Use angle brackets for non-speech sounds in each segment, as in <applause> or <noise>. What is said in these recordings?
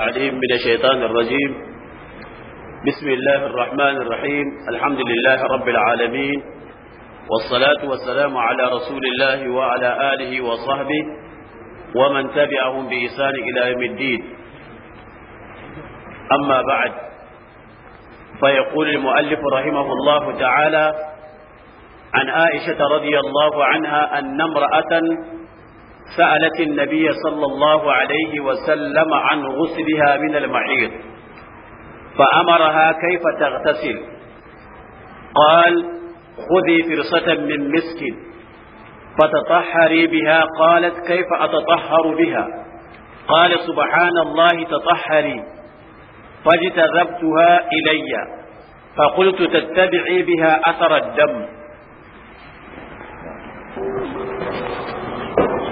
عليم من الشيطان الرجيم بسم الله الرحمن الرحيم الحمد لله رب العالمين والصلاة والسلام على رسول الله وعلى آله وصحبه ومن تبعهم بإحسان إلى يوم الدين أما بعد فيقول المؤلف رحمه الله تعالى عن عائشة رضي الله عنها أن امرأة سألت النبي صلى الله عليه وسلم عن غسلها من المحيط فأمرها كيف تغتسل قال خذي فرصة من مسك فتطهري بها قالت كيف أتطهر بها قال سبحان الله تطهري فاجتذبتها إلي فقلت تتبعي بها أثر الدم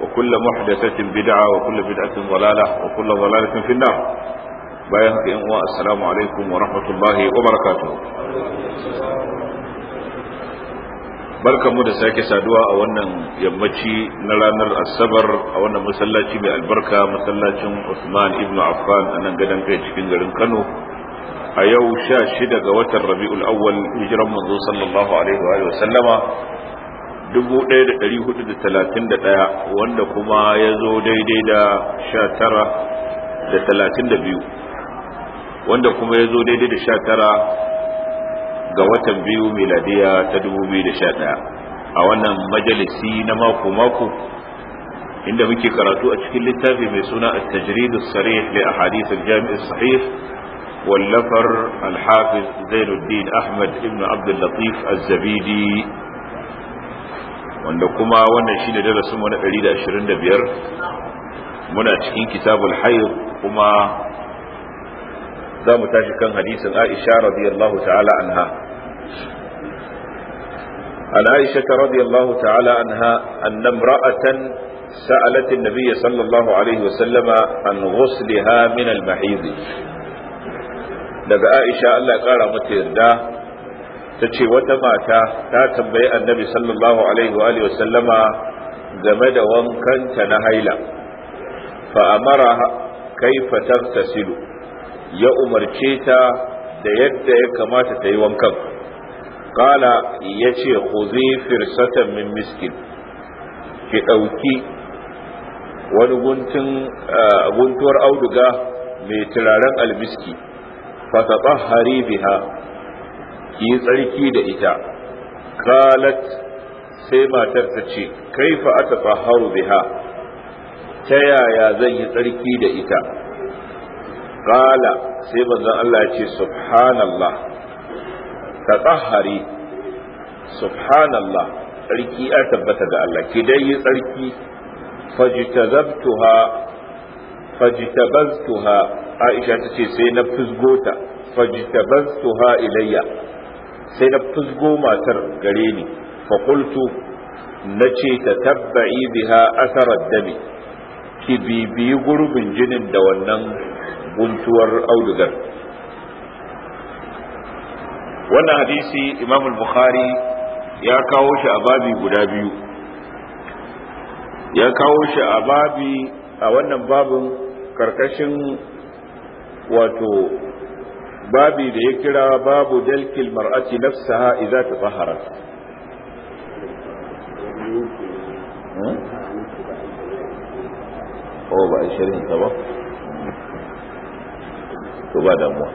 وكل محدثة بدعة وكل بدعة ضلالة وكل ضلالة في النار bayan haka yan uwa assalamu alaikum wa rahmatullahi wa barakatuhu barkanmu da sake saduwa a wannan yammaci na ranar asabar a wannan masallaci mai albarka masallacin Usman Ibnu Affan a nan gadon kai cikin garin Kano a yau sha shida ga watan Rabi'ul Awwal hijiran manzo alaihi wa sallama 1431 wanda kuma ya zo daidai da 1932 wanda kuma ya zo daidai da 19 ga watan biyu miladiya ta 2011 a wannan majalisi na mako-mako inda muke karatu a cikin littafi mai suna a tajrid sare sarih a ahadith jami'ar jami sahih wallafar al-hafiz Zainuddin Ahmad ibn Abdul Latif az-Zabidi wanda kuma wannan shi ne darasin mu na 125 muna cikin kitabul hayd kuma za mu tashi kan hadisin Aisha radiyallahu ta'ala anha An Aisha رضي الله تعالى عنها أن امرأة سألت النبي صلى الله عليه وسلم عن غسلها من المحيض daga Aisha Allah ya kara mata yarda ta ce wata mata ta tambayi annabi sallallahu alaihi wa alihi game da wankanta na haila fa amara kaifa tartasilu ya umarce ta da yadda ya kamata ta yi wankan qala yace khuzi firsatan min miskin ki dauki wani guntun eh, guntuwar auduga mai turaren almiski fa tatahhari biha yi tsarki da ita kalat sai matar ta ce kaifa ata tsaharu biha ta yaya zan yi tsarki da ita kala sai manzon Allah ya ce subhanallah ta tsahari subhanallah tsarki ya tabbata ga Allah ki dai yi tsarki fajtazabtuha fajtabaztuha Aisha ce sai na fusgota fajtabaztuha ilayya sai na fusgo matar gare ni na ce ta tabba'i biha asarar dami ki bibiyi gurbin jinin da wannan guntuwar audugar wannan hadisi imam bukhari ya kawo shi a babi guda biyu ya kawo shi a babi a wannan babin karkashin wato babi da ya kira babu dalkil mar'ati nafsaha idza tatahharat oh ba shirin ta ba to ba damuwa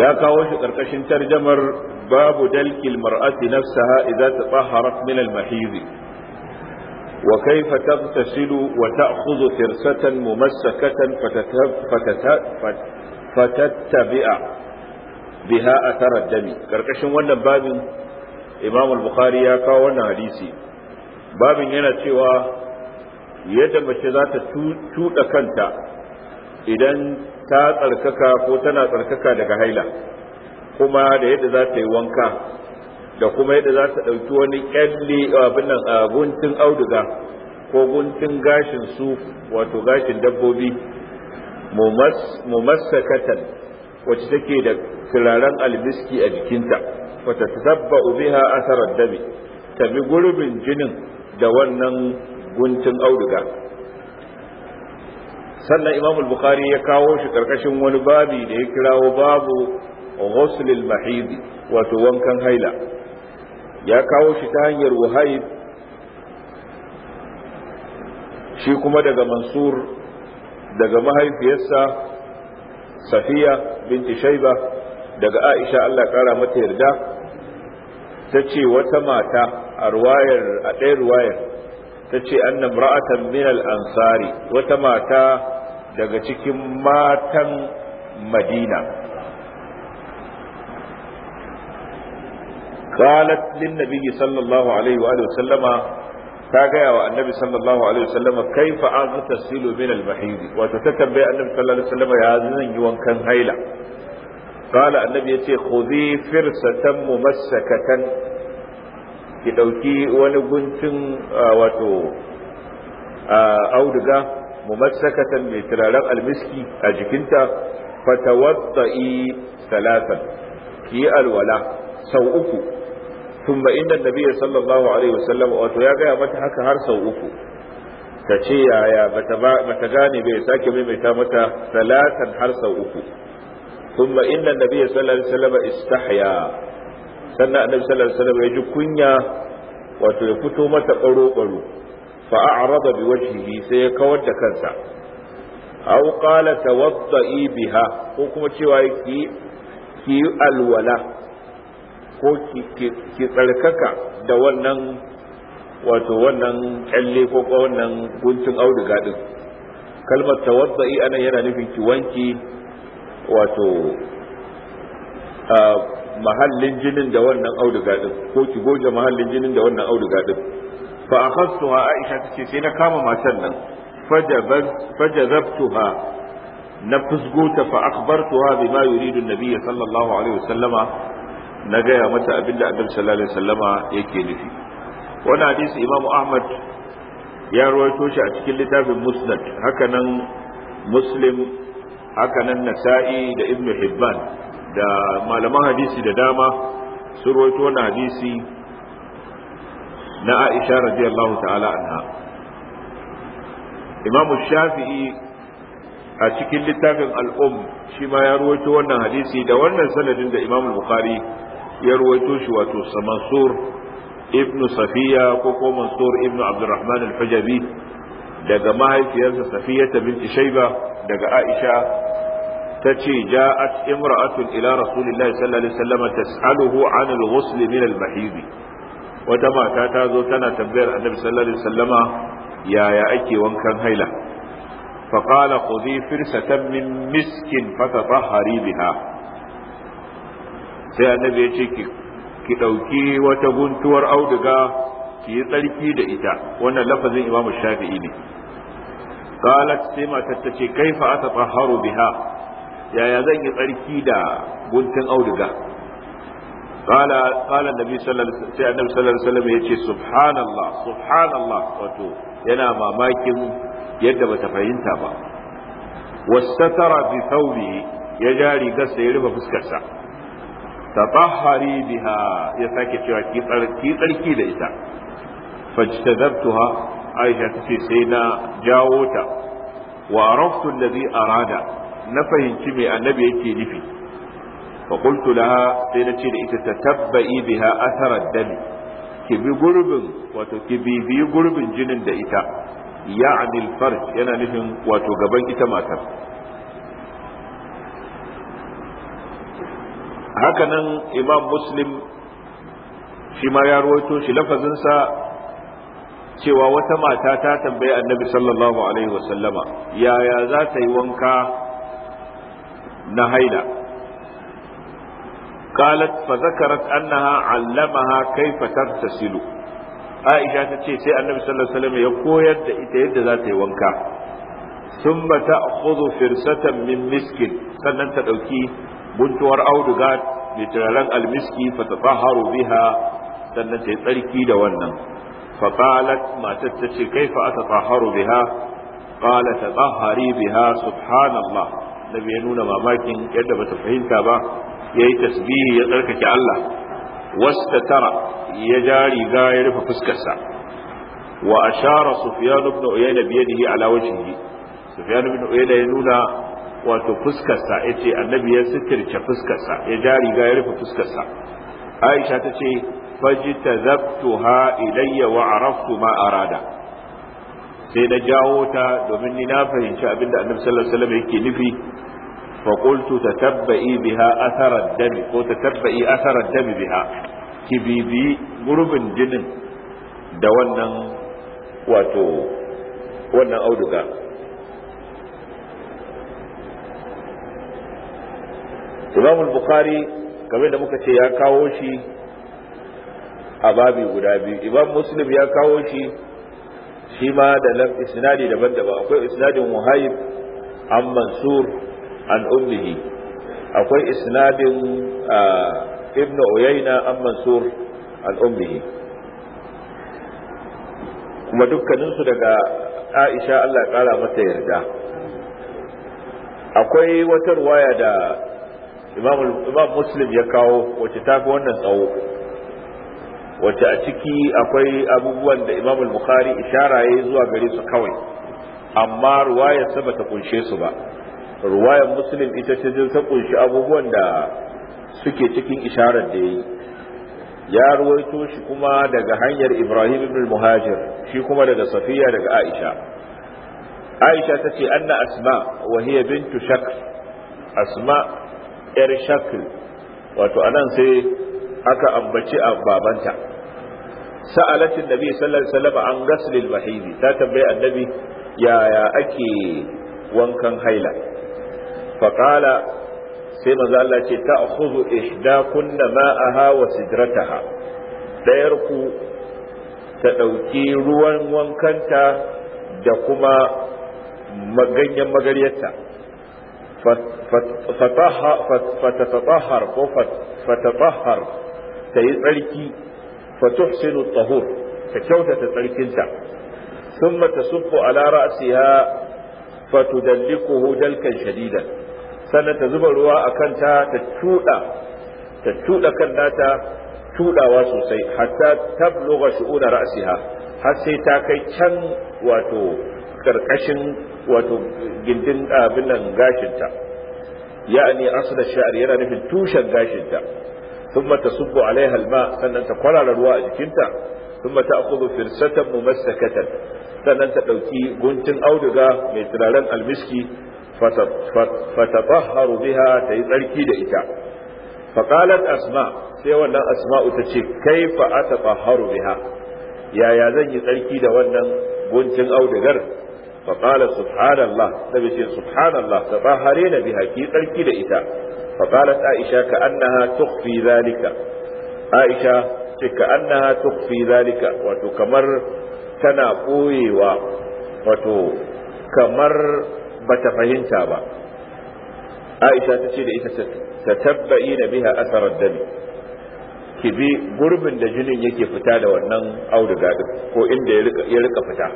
ya kawo shi karkashin tarjamar babu dalkil mar'ati nafsaha idza tatahharat min al-mahizi وكيف تغتسل وتأخذ فرسة ممسكة فتتبع بها أثر الدم Ƙarƙashin wannan babin imamul bukhari ya kawo wannan hadisi babin yana cewa yadda mace za ta tuda kanta idan ta tsarkaka ko tana tsarkaka daga haila kuma da yadda za ta yi wanka da kuma yadda za ta ɗauki wani ƙyalle abin nan guntun auduga ko guntun gashin su wato gashin dabbobi mumassakatan wacce take da turaren albiski a jikinta wata tabba'u biha asarar dabi ta bi gurbin jinin da wannan guntun auduga sannan imamul bukhari ya kawo shi ƙarƙashin wani babi da ya kirawo babu al mahidi wato wankan haila ya kawo shi ta hanyar wahayib shi kuma daga mansur daga mahaifiyarsa safiya binti shaiba daga aisha allah kara mata yarda ta ce wata mata a ruwayar a ɗaya ruwayar ta ce an ra'atan min ansari wata mata daga cikin matan madina qalat lin sallallahu alaihi wa sallama ta gaya wa annabi sallallahu alaihi wa sallama kaifa aghtasilu min al-mahid wato ta tambaye annabi sallallahu alaihi wa sallama ya zan yi wankan haila قال النبي يتي خذي فرصة ممسكة ki ɗauki wani guntun wato auduga mumassakatan mai turaren almiski a jikinta fatawadda'i salatan ki yi alwala sau uku thumma inna nabiyya sallallahu alaihi wasallam wato ya gaya mata haka har sau uku ta ce yaya bata gane bai sake maimaita mata salatan har sau uku thumma inna nabiyya sallallahu alaihi wasallam istahya sannan annabi sallallahu alaihi wasallam ya ji kunya wato ya fito mata baro baro fa a'rada bi wajhihi sai ya kawar da kansa aw qala biha ko kuma cewa ki ki alwala ko ki tsarkaka da wannan wato wannan kyalle ko wannan guntun auduga din kalmar tawadda'i anan yana nufin ki wanki wato mahallin jinin da wannan auduga din ko ki goge mahallin jinin da wannan auduga din fa akhadtuha aisha tace sai na kama matan nan fajazabtuha na fusgo ta fa akhbartuha bima yuridu an-nabiy sallallahu alaihi wasallama na gaya mata abin da annabi sallallahu alaihi wasallama yake nufi Wani hadisi imam ahmad ya rawaito shi a cikin littafin musnad hakanan muslim hakanan nasa'i da Ibn hibban da malaman hadisi da dama sun rawaito wannan hadisi na aisha radiyallahu ta'ala anha imam shafi'i a cikin littafin al'um shi ma ya rawaito wannan hadisi da wannan sanadin da imam bukhari ya ruwaito shi wato samansur ibnu safiya ko ko mansur ibnu abdurrahman al-hujabi daga mahaifiyarsa safiyata binti shaiba daga aisha ta ce ja'at imra'atun ila rasulillahi sallallahu alaihi wasallam tas'aluhu 'an al-ghusl min al-mahid wata mata ta zo tana tambayar annabi sallallahu alaihi wasallama yaya ake wankan haila فقال خذي فرسة من مسك فتطهري بها sai annabi ya ce ki ɗauki wata guntuwar auduga ki yi tsarki da ita wannan lafazin imamu shafi'i ne qalat sai matar ta ce kaifa atatahharu biha yaya zan yi tsarki da guntun auduga قال قال النبي صلى الله عليه وسلم yace subhanallah subhanallah wato yana mamakin yadda bata fahimta ba wastatara bi thawbihi ya jari gasa ya rufe fuskarsa tatahhari biha ya sake cewa ki tsarki da ita fajtazabtuha aisha tace sai na jawo ta wa araftu alladhi arada na fahimci me annabi yake nufi fa qultu laha sai na ce da ita tabba'i biha asarar dami ki bi gurbin wato ki bibiyi gurbin jinin da ita ya'ni al-farj yana nufin wato gaban ita matar hakanan imam muslim shi ma ya ruwaito shi lafazinsa cewa wata mata ta tambayi annabi sallallahu alaihi wasallama yaya za ta yi wanka na haila قالت فذكرت أنها علمها كيف تغتسل aisha ta ce sai annabi sallallahu alaihi wasallam ya koyar da ita yadda za ta yi wanka sun ba ta khudhu firsatan min miskin sannan ta ɗauki. guntuwar auduga mai turaren almiski fa tatahharu biha sannan ta yi tsarki da wannan fa qalat matar ta ce kaifa atatahharu biha qala tatahhari biha subhanallah nabi ya nuna mamakin yadda bata fahimta ba yayi tasbihi ya tsarkake Allah wastatara ya ja riga ya rufe fuskarsa wa ashara sufyan ibn uyayna bi yadihi ala wajhihi sufyan ibn uyayna ya nuna wato fuskarsa ya ce annabi ya sitirce fuskarsa ya ja riga ya rufe fuskarsa aisha ta ce fajtazabtuha ilayya wa araftu ma arada sai na jawo ta domin ni na fahimci abin da annabi sallallahu alaihi wasallam yake nufi fa qultu tatabba'i biha athara ad-dami ko tatabba'i athara ad-dami biha Kibibi gurbin jinin da wannan wato wannan auduga imam bukhari game da muka ce ya kawo shi a babi guda biyu imam muslim ya kawo shi shi ma da isnadi daban-daban akwai isnadin muhayib an mansur an ummihi akwai isnadin ah, ibnu uyayna an mansur an ummihi kuma dukkaninsu daga aisha allah kara mata yarda akwai wata ruwaya da imam muslim ya kawo wacce ta fi wannan tsawo wacce a ciki akwai abubuwan da imam bukhari ishara ya zuwa gare su kawai amma ruwayar sa bata kunshe su ba ruwayar muslim ita ce ta kunshi abubuwan da suke cikin isharar da ya yi ya ruwaito shi kuma daga hanyar ibrahim ibn muhajir shi kuma daga safiya daga aisha aisha ta ce anna asma wa hiya bintu shakr asma yar shakl wato anan sai aka ambaci a babanta sa'alatin nabi sallallahu alaihi wasallam an ghaslil mahid ta tambaye annabi yaya ake wankan haila faqala sai manzo Allah ce ta'khudhu ihdakunna ma'aha wa sidrataha dayar ku ta dauki ruwan wankanta da kuma ganyen magaryarta fatatahar ko fatatahar ta yi tsarki fatuhsinu tahur ta kyautata tsarkinta ثم تصب على رأسها فتدلكه دلكا شديدا sannan ta zuba ruwa a kan ta ta cuɗa kan nata tuɗawa sosai hatta tabluga shu'una ra'siha har sai ta kai can wato karkashin wato gindin abin nan gashinta ya'ani asla sha'ar yana nufin tushen gashinta ثم تصب عليها الماء sannan ta kwarara ruwa a jikinta ثم تأخذ فرسة ممسكة sannan ta ɗauki guntun auduga mai turaren almiski fatatahharu biha ta yi tsarki da ita faqalat asma sai wannan asma'u ta ce kaifa atatahharu biha yaya zan yi tsarki da wannan guntun audugar fa qala subhanallah da bi subhanallah ta na biha ki tsarki da ita fa qalat aisha aisha ce ka annaha tukhfi zalika wato kamar tana ɓoyewa, wato kamar bata fahimta ba aisha ta ce da ita ta tabba'i na biha ki bi gurbin da jinin yake fita da wannan auduga ko inda ya rika fita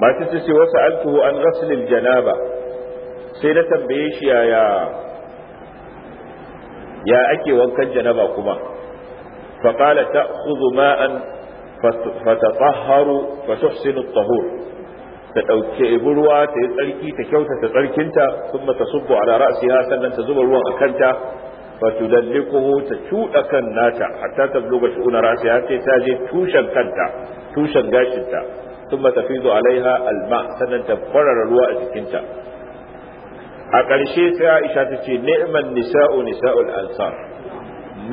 masu ta ce wasu altuhu an ghaslil janaba sai na tambaye shi yaya ya ake wankan janaba kuma faƙala ta kuzu ma'an fatatsaharu fatuhsinu tahur ta ɗauke ruwa ta yi tsarki ta kyautata tsarkinta sun mata subbo a ra'asiha sannan ta zuba ruwan a kanta fatudallikuhu ta cuɗa kan nata hatta ta bluga shu'una rasi ya ce ta je tushen kanta tushen gashinta thumma tafidu alaiha alma sannan ta kwarara ruwa a jikinta a ƙarshe sai Aisha ta ce ni'man nisa'u nisa'ul ansar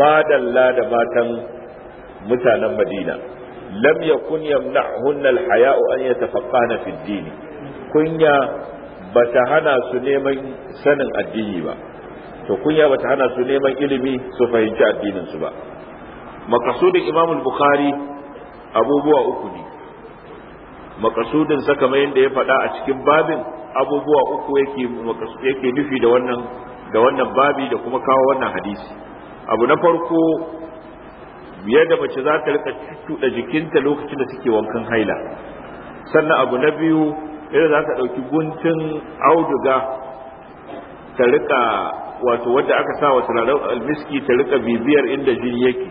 madalla da matan mutanen Madina lam yakun yamna'hunna alhaya'u an yatafaqqahna fid din kunya bata hana su neman sanin addini ba to kunya bata hana su neman ilimi su fahimci addinin su ba makasudin imam bukhari abubuwa uku ne makasudin sa kamar yadda ya faɗa a cikin babin abubuwa uku yake yake nufi da wannan da wannan babi da kuma kawo wannan hadisi abu na farko yadda mace za ta rika tuɗa jikinta lokacin da suke wankan haila sannan abu na biyu yadda za ta ɗauki guntun auduga ta rika wato wadda aka sa wa turaren almiski ta rika bibiyar inda jini yake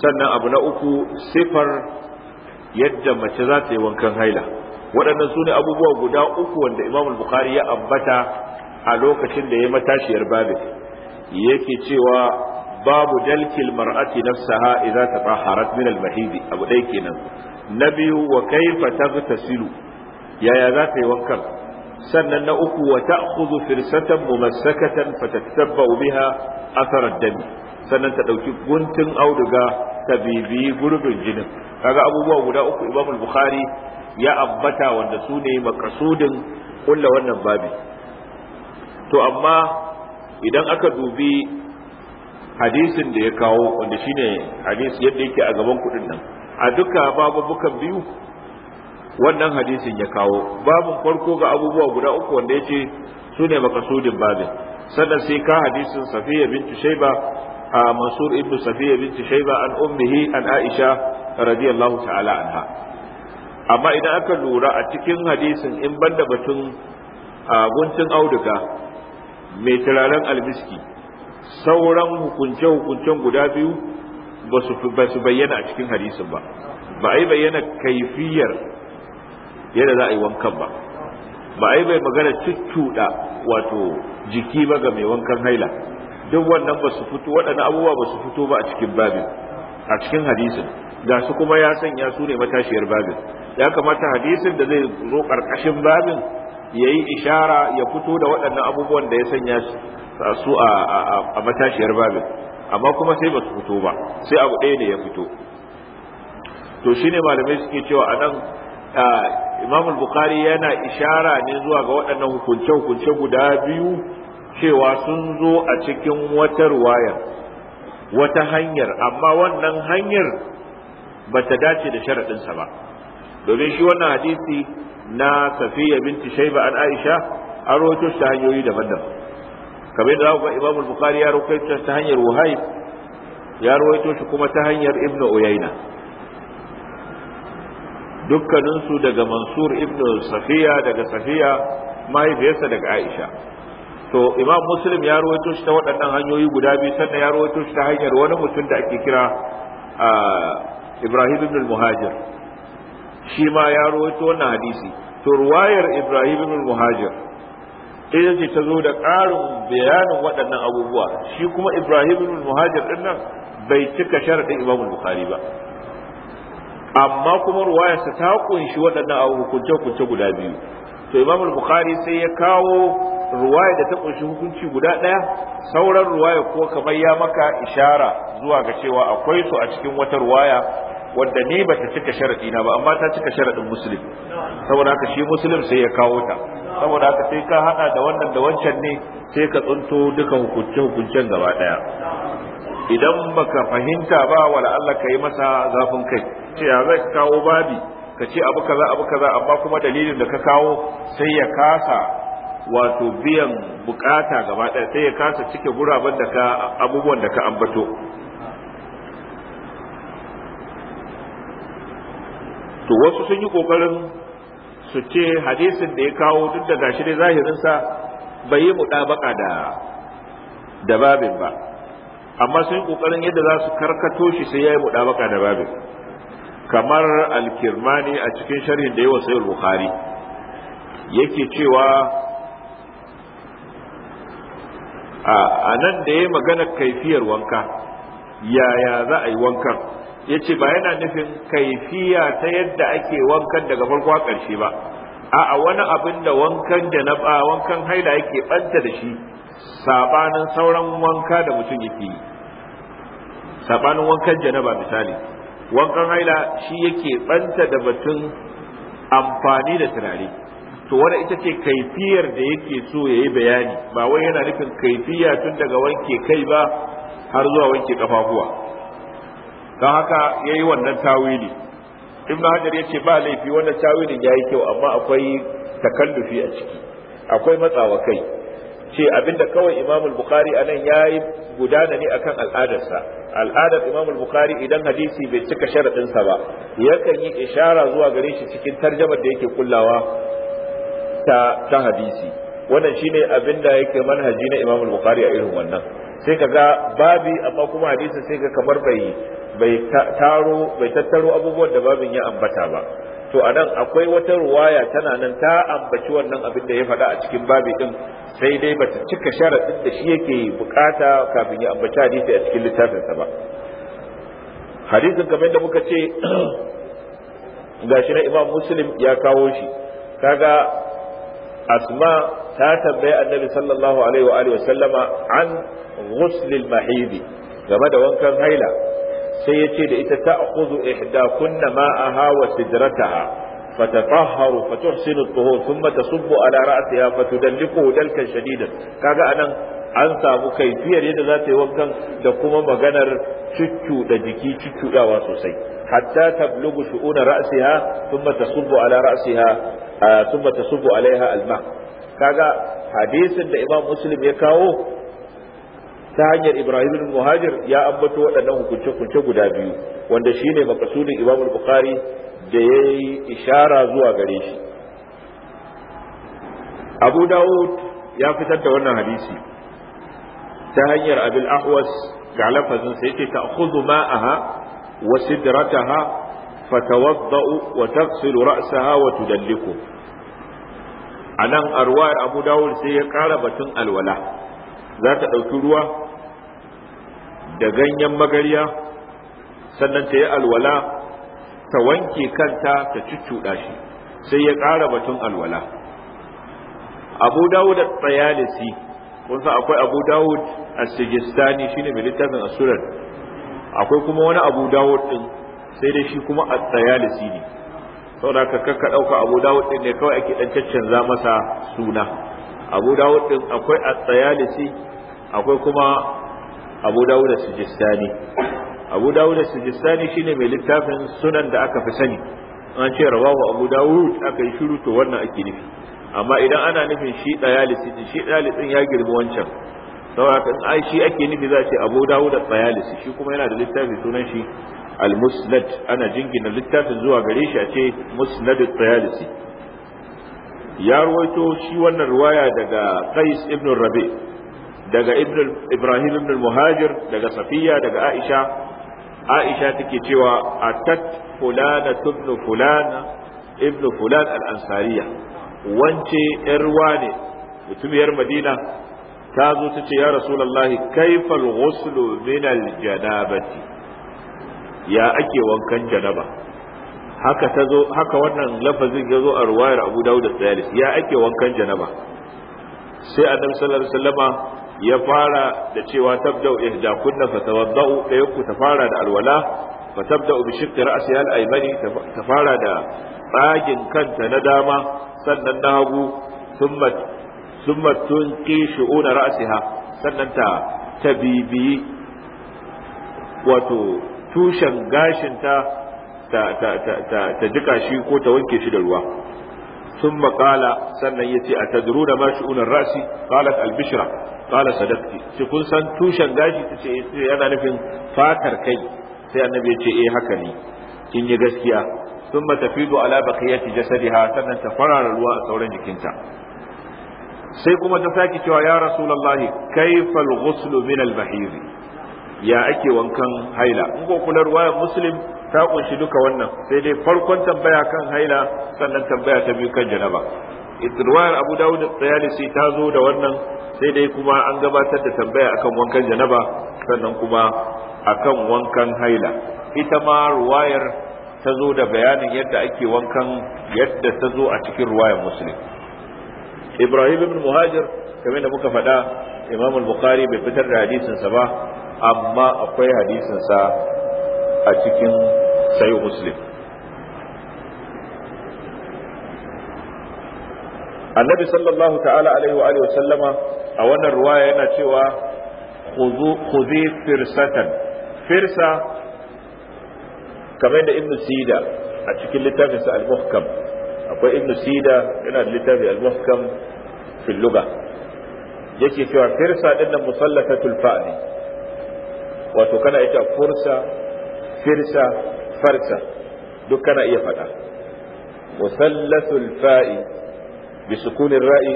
sannan abu na uku sifar yadda mace za ta yi wankan haila waɗannan su ne abubuwa guda uku wanda imam bukhari ya ambata a lokacin da ya matashiyar babin yake cewa babu dalkil mar'ati nafsaha idza tatahharat min al-mahidi abu dai kenan na biyu wa kaifa silu. yaya za ta yi wankan sannan na uku wa ta'khudhu firsatan mumassakatan fatattaba'u biha athar ad-dam sannan ta dauki guntun auduga ta bibi gurbin jinin kaga abubuwa guda uku Imam al-Bukhari ya abbata wanda su ne makasudin kulla wannan babi to amma idan aka dubi hadisin da ya kawo wanda shine hadisi yadda yake a gaban kudin nan a duka babu babubukan biyu wannan hadisin ya kawo babin farko ga abubuwa guda uku wanda yace su ne makasudin babin sannan sai ka hadisin safiya bintu shaiba a mansur ibnu safiya bintu shaiba an ummihi an aisha radiyallahu ta'ala anha amma idan aka lura a cikin hadisin in banda batun guntun auduga mai turaren albiski sauran hukunce-hukuncen guda biyu ba su bayyana a cikin hadisin ba ba a yi bayyana kaifiyar yadda za a yi wankan ba ba a yi mai magana cuttuɗa wato jiki ba ga mai wankan haila duk wannan ba su fito waɗannan abubuwa ba su fito ba a cikin babin a cikin hadisin ga su kuma ya sanya su ne matashiyar babin ya kamata hadisin da zai zo ƙarƙashin babin ya yi ishara ya fito da waɗannan abubuwan da ya sanya su a matashiyar babin amma kuma sai ba su fito ba sai abu ɗaya ne ya fito to shine malamai suke cewa a nan imam bukhari yana ishara ne zuwa ga waɗannan hukunce-hukunce guda biyu cewa sun zo a cikin wata ruwaya wata hanyar amma wannan hanyar ba ta dace da sharaɗinsa ba domin shi wannan hadisi na safiya binti shaiba an aisha an rawaito shi ta hanyoyi daban-daban kamar da ga imam bukhari ya rawaito ta hanyar wahayb ya rawaito shi kuma ta hanyar ibnu uyayna dukkaninsu daga mansur ibn safiya daga safiya mahaifiyarsa daga aisha to imam muslim ya rawaito shi ta waɗannan hanyoyi guda biyu sannan ya rawaito shi ta hanyar wani mutum da ake kira ibrahim ibn muhajir shi ma ya rawaito wannan hadisi to ruwayar ibrahim ibn muhajir ita ce ta zo da ƙarin bayanin waɗannan abubuwa shi kuma ibrahim ibn muhajir ɗin nan bai cika sharaɗin imam bukhari ba amma kuma ruwayarsa ta kunshi waɗannan a hukunce hukunce guda biyu to imam bukhari sai ya kawo ruwaya da ta kunshi hukunci guda ɗaya sauran ruwaya ko kamar ya maka ishara zuwa ga cewa akwai su a cikin wata ruwaya wadda ni bata cika sharaɗi na ba amma ta cika sharaɗin muslim saboda haka shi muslim sai ya kawo ta saboda haka sai ka hada da wannan da wancan ne sai ka tsunto duka hukunce hukuncen gaba daya idan baka fahimta ba wala Allah ka yi masa zafin kai ce ya zai kawo babi ka ce abu kaza abu kaza amma kuma dalilin da ka kawo sai ya kasa wato biyan bukata gaba ɗaya sai ya kasa cike guraben da ka abubuwan da ka ambato to wasu sun yi kokarin su ce hadisin da ya kawo duk da gashi dai zahirinsa bai yi baka da da babin ba amma sun yi kokarin yadda za su karkato shi sai ya yi baka da babin kamar alkirmani a cikin sharhin da yawa sai bukhari yake cewa a nan da ya magana kaifiyar wanka yaya za a yi wankan ya ce ba yana nufin kaifiya ta yadda ake wankan daga farko a ƙarshe ba a wani abin da wankan janaba wankan haila yake ɓanta da shi sabanin sauran wanka da mutum yake yi sabanin wankan janaba misali wankan haila shi yake banta da batun amfani da turare to wanda ita ce kaifiyar da yake so ya yi bayani ba wai yana nufin kaifiya tun daga wanke kai ba har zuwa wanke kafafuwa don haka ya yi wannan tawili Ibn hajar ya ce ba laifi wannan tawilin ya yi kyau amma akwai takallufi a ciki akwai matsawa kai ce abinda kawai imam bukhari anan yi gudana ne akan al'adarsa al'adar imam bukhari idan hadisi bai cika sharadinsa ba yakan yi ishara zuwa gare shi cikin tarjamar da yake kullawa ta ta hadisi wannan shine abinda yake manhaji na imam bukhari a irin wannan sai kaga babi amma kuma hadisi sai ka kamar bai bai taro bai tattaro abubuwan da babin ya ambata ba to anan akwai wata ruwaya tana nan ta ambaci wannan abin da ya faɗa a cikin babi ɗin, sai dai bata cika sharaɗin da shi yake bukata kafin ya ambaci hadisi a cikin littafinsa ba hadisin kamar da muka ce <clears throat> gashi na imam muslim ya kawo shi kaga asma ta tambaye annabi sallallahu alaihi wa alihi sallama an ghuslil mahidi game da wankan haila sai ya ce da ita ta'khudhu ihdakunna ma'aha wa sidrataha فتطهر فتحسن الطهور ثم تصب على رأسها فتدلكه دلكا شديدا كاغا anan an samu kaifiyar yadda za ta yi wankan da kuma maganar cuccu da jiki cuccuɗawa sosai hatta tablugu shu'una ra'siha thumma tasubbu ala ra'siha ah, thumma tasubbu alaiha alma kaga hadisin da Imam Muslim ya kawo ta hanyar Ibrahim bin Muhajir ya ambato waɗannan hukunce-hukunce guda biyu wanda shine makasudin Imam Bukhari da ya yi ishara zuwa gare shi Abu Dawud ya fitar da wannan hadisi ta hanyar Abil Ahwas ga lafazin sa yake ta'khudhu ma'aha wa sidrataha fatawadda'u wa taghsilu ra'saha wa tudalliku anan arwa Abu Dawud sai ya ƙara batun alwala za ta ɗauki ruwa da ganyen magarya sannan ta yi alwala ta wanke kanta ta cuccuɗa shi sai ya ƙara batun alwala abu dawud da tsayalisi kun sa akwai abu dawud a sijistani shine mai littafin asuran akwai kuma wani abu dawud ɗin, sai dai shi kuma a tsayalisi ne Sau da ka ɗauka abu dawud ɗin ne kawai ake ɗan caccanza masa suna abu dawud din akwai at-tayalisi akwai kuma abu dawud as-sijistani abu dawud as-sijistani shine mai littafin sunan da aka fi sani an ce rawahu abu dawud aka yi shiru to wannan ake nufi amma idan ana nufin shi tayalisi din shi tayalisin ya girma wancan saboda kan ai shi ake nufi za a ce abu dawud at-tayalisi shi kuma yana da littafin sunan shi al-musnad ana jingina littafin zuwa gare shi a ce musnad at-tayalisi ya ruwaito shi wannan riwaya daga qais ibn rabi daga ibn ibrahim ibn muhajir daga safiya daga aisha aisha take cewa atat fulana ibn fulana ibn fulan al-ansariya wance yar ne mutumiyar madina ta zo ta ce ya rasulullahi kaifal ghuslu min al-janabati ya ake wankan janaba haka ta zo haka wannan lafazin ya zo a ruwayar abu dawud da ya ake wankan janaba sai annabi sallallahu alaihi wasallama ya fara da cewa tabda'u ihda kunna fatawadda'u da ku ta fara da alwala fa tabda'u bi shiqqi ra'si al-aymani ta fara da tsagin kanta na dama sannan na hagu thumma thumma tunqi shu'una ra'siha sannan ta tabibi wato tushen gashinta ta jika shi ko ta wanke shi da ruwa sun makala sannan ya ce a taduru da mashi unar rasi ƙalar albishira ƙalar sadakti ce kun san tushen gashi ta ce eh, yana nufin fatar kai sai annabi ya ce eh haka ne kin yi gaskiya sun matafido ala baqiyati jasadiha sannan ta farara ruwa a sauran jikinta sai kuma ta sake cewa ya rasulallahi kai ghuslu min bahiri. ya ake wankan haila in ko kula ruwayar muslim ta kunshi duka wannan sai dai farkon tambaya kan haila sannan tambaya ta biyu kan janaba riwayar abu dawud sai ta zo da wannan sai dai kuma an gabatar da tambaya akan wankan janaba sannan kuma akan wankan haila ita ma ruwayar ta zo da bayanin yadda ake wankan yadda ta zo a cikin ruwayar muslim ibrahim ibn muhajir kamar da muka faɗa imam al-bukhari bai fitar da hadisin sa ba amma akwai hadisin sa a cikin Sai muslim annabi sallallahu ta'ala alaihi wa alihi sallama a wannan ruwaya yana cewa khudhi firsatan firsa kamar da ibnu sida a cikin littafinsa al-muhkam akwai ibnu sida yana da littafi al-muhkam fil lugha yake cewa firsa din nan musallatatul fa wato kana ita fursa firsa farta duk kana iya faɗa musallasul fa'i bi sukunin ra'i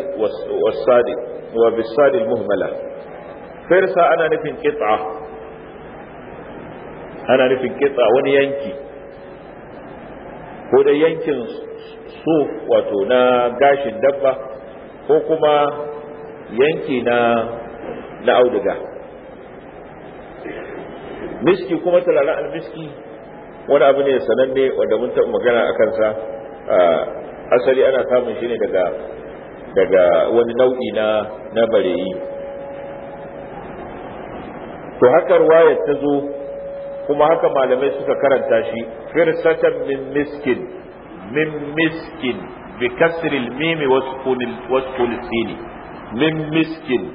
wasadi wa bisadi muhmala firsa ana nufin kit'a ana nufin kit'a wani yanki ko da yankin su wato na gashin dabba ko kuma yanki na na auduga miski kuma turaren almiski wani abu ne sananne wanda mun taɓa magana a kansa asali ana samun shi ne daga daga wani nau'i na na bareyi to haka ruwayar ta zo kuma haka malamai suka karanta shi firsatan min miskin min miskin bi kasril mimi wasqul sini min miskin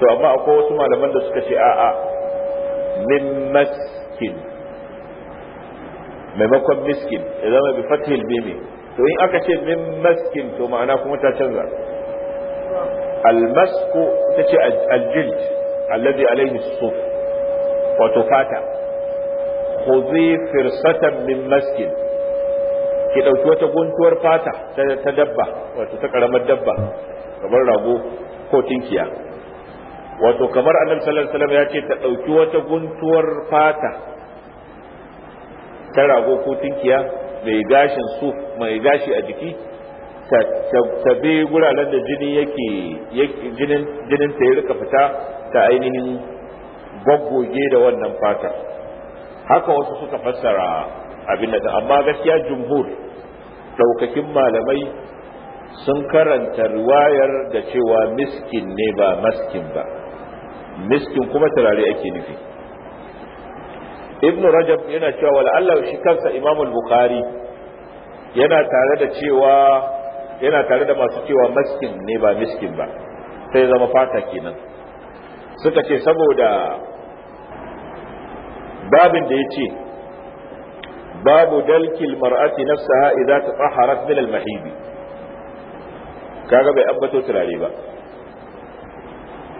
to amma akwai wasu malaman da suka ce a'a min maskin maimakon miskin ya zama bi fathil mimi to in aka ce min maskin to ma'ana kuma ta canza almasku ita ce aljild alladhi alayhi suf wato fata khudhi firsatan min maskin ki dauki wata guntuwar fata ta dabba wato ta karamar dabba kamar rago ko tinkiya wato kamar annabi sallallahu alaihi wasallam ya ce ta dauki wata guntuwar fata ta rago ko tunkiya mai gashin su mai gashi a jiki ta bi guraren da jini yake jinin ta ya rika fita ta ainihin goggoge da wannan fata haka wasu suka fassara abin da amma gaskiya jumhur daukakin malamai sun karanta riwayar da cewa miskin ne ba maskin ba miskin kuma turare ake nufi ibnu rajab yana cewa wal'alla shi kansa imam al-bukhari yana tare da cewa yana tare da masu cewa maskin ne ba miskin ba sai zama fata kenan suka ce saboda babin da ya ce babu dalkil mar'ati nafsaha idza tatahharat min al mahibi kaga bai ambato turare ba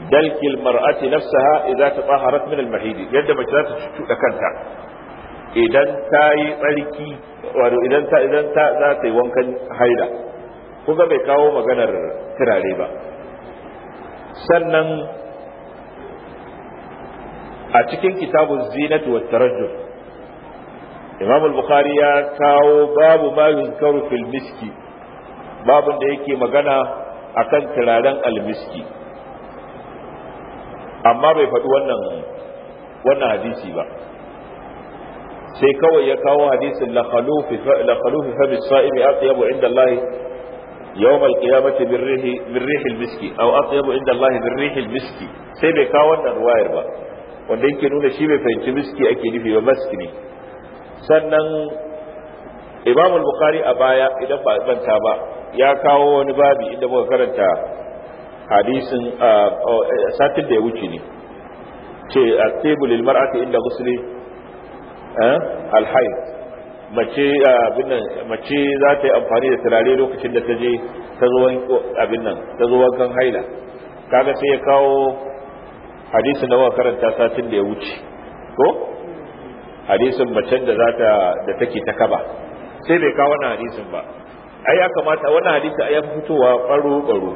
dalkil ati nafsaha idza tataharat min yadda mace za ta da kanta idan ta yi tsarki wato idan ta idan ta za ta yi wankan haida kuga bai kawo maganar turare ba sannan a cikin kitabun zinatu wat tarajjum imam al-bukhari ya kawo babu ma yuzkaru fil miski babun da yake magana akan turaren Miski. amma bai faɗi wannan wannan hadisi ba sai kawai ya kawo hadisin la khalufi la khalufi fa bisa'im atyabu inda Allah yawm al-qiyamati min rihi min rihi al-miski aw atyabu inda Allah min rihi al-miski sai bai kawo wannan ruwayar ba wanda yake nuna shi bai fahimci miski ake nufi ba maski ne sannan Imam al-Bukhari a baya idan ba banta ba ya kawo wani babi inda muka karanta hadisin e, satin da ya wuce ne ce a tebulil mar'ati inda musuli alhaid mace mace za ta yi amfani da turare lokacin da ta je ta zo abinnan ta zo wankan haila kaga sai ya kawo hadisin da muka karanta satin da ya wuce ko hadisin macen da za ta da take ta kaba sai bai kawo wannan hadisin ba ai ya kamata wannan hadisi yan fitowa baro baro